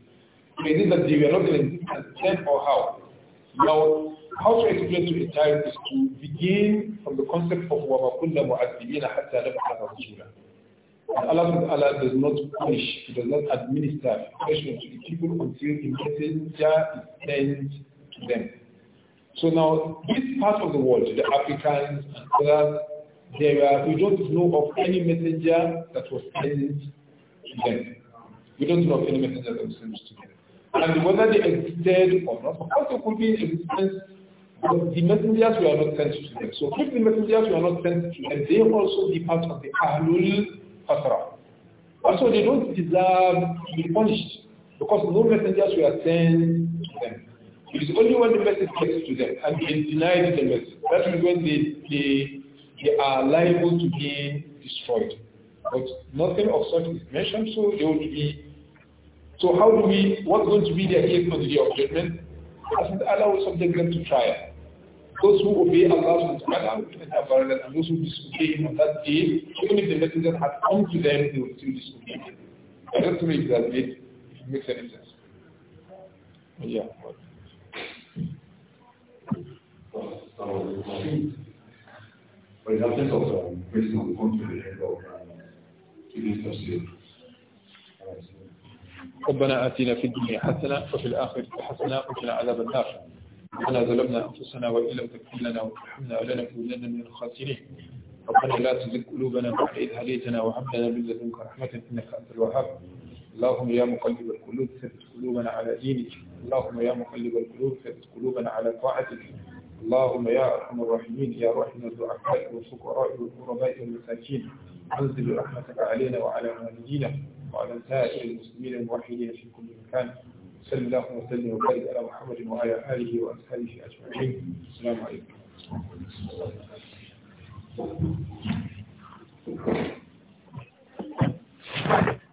We mean that they were not in existence or how. Now, how to explain to a child is to begin from the concept of وَمَا كُنَّا مُعَذِّبِينَ حَتَّى نَبْعَثَ رَسُولًا Allah, Allah does not punish, He does not administer punishment to the people until the messenger is sent to them. So now, this part of the world, the Africans and others, there we don't know of any messenger that was sent to them. We don't know of any messenger that was sent to them. And whether they existed or not, of course they could be in existence, but the messengers were not sent to them. So if the messengers were not sent to them, they also be part of the Ahlul also, they don't deserve to be punished because no messengers were sent to them. It is only when the message gets to them and they deny the message. That is when they, they, they are liable to be destroyed. But nothing of such is mentioned, so they will be. So how do we, what's going to be their case on the day of judgment? Hasn't Allah will subject them to trial. Those who obey Allah subhanahu wa ta'ala and those who disobey Him on that day, even if the messenger had come to them, they would still disobey Him. I don't know if that made, makes any sense. Yeah. But in absence of um, raising on the of the head of today's tafsir. ربنا آتنا في الدنيا حسنة وفي الآخرة حسنة وقنا عذاب النار ربنا ظلمنا أنفسنا وإن لم تغفر لنا وترحمنا لنكونن من الخاسرين ربنا لا تزغ قلوبنا بعد إذ هديتنا وهب لنا من لدنك رحمة إنك أنت الوهاب اللهم يا مقلب القلوب ثبت قلوبنا على دينك اللهم يا مقلب القلوب ثبت قلوبنا على طاعتك اللهم يا أرحم الراحمين يا رحم الضعفاء والفقراء والغرباء والمساكين أنزل رحمتك علينا وعلى والدينا وعلى سائر المسلمين الموحدين في كل مكان صلى الله وسلم وبارك على محمد وعلى آله وأصحابه أجمعين السلام عليكم Thank you.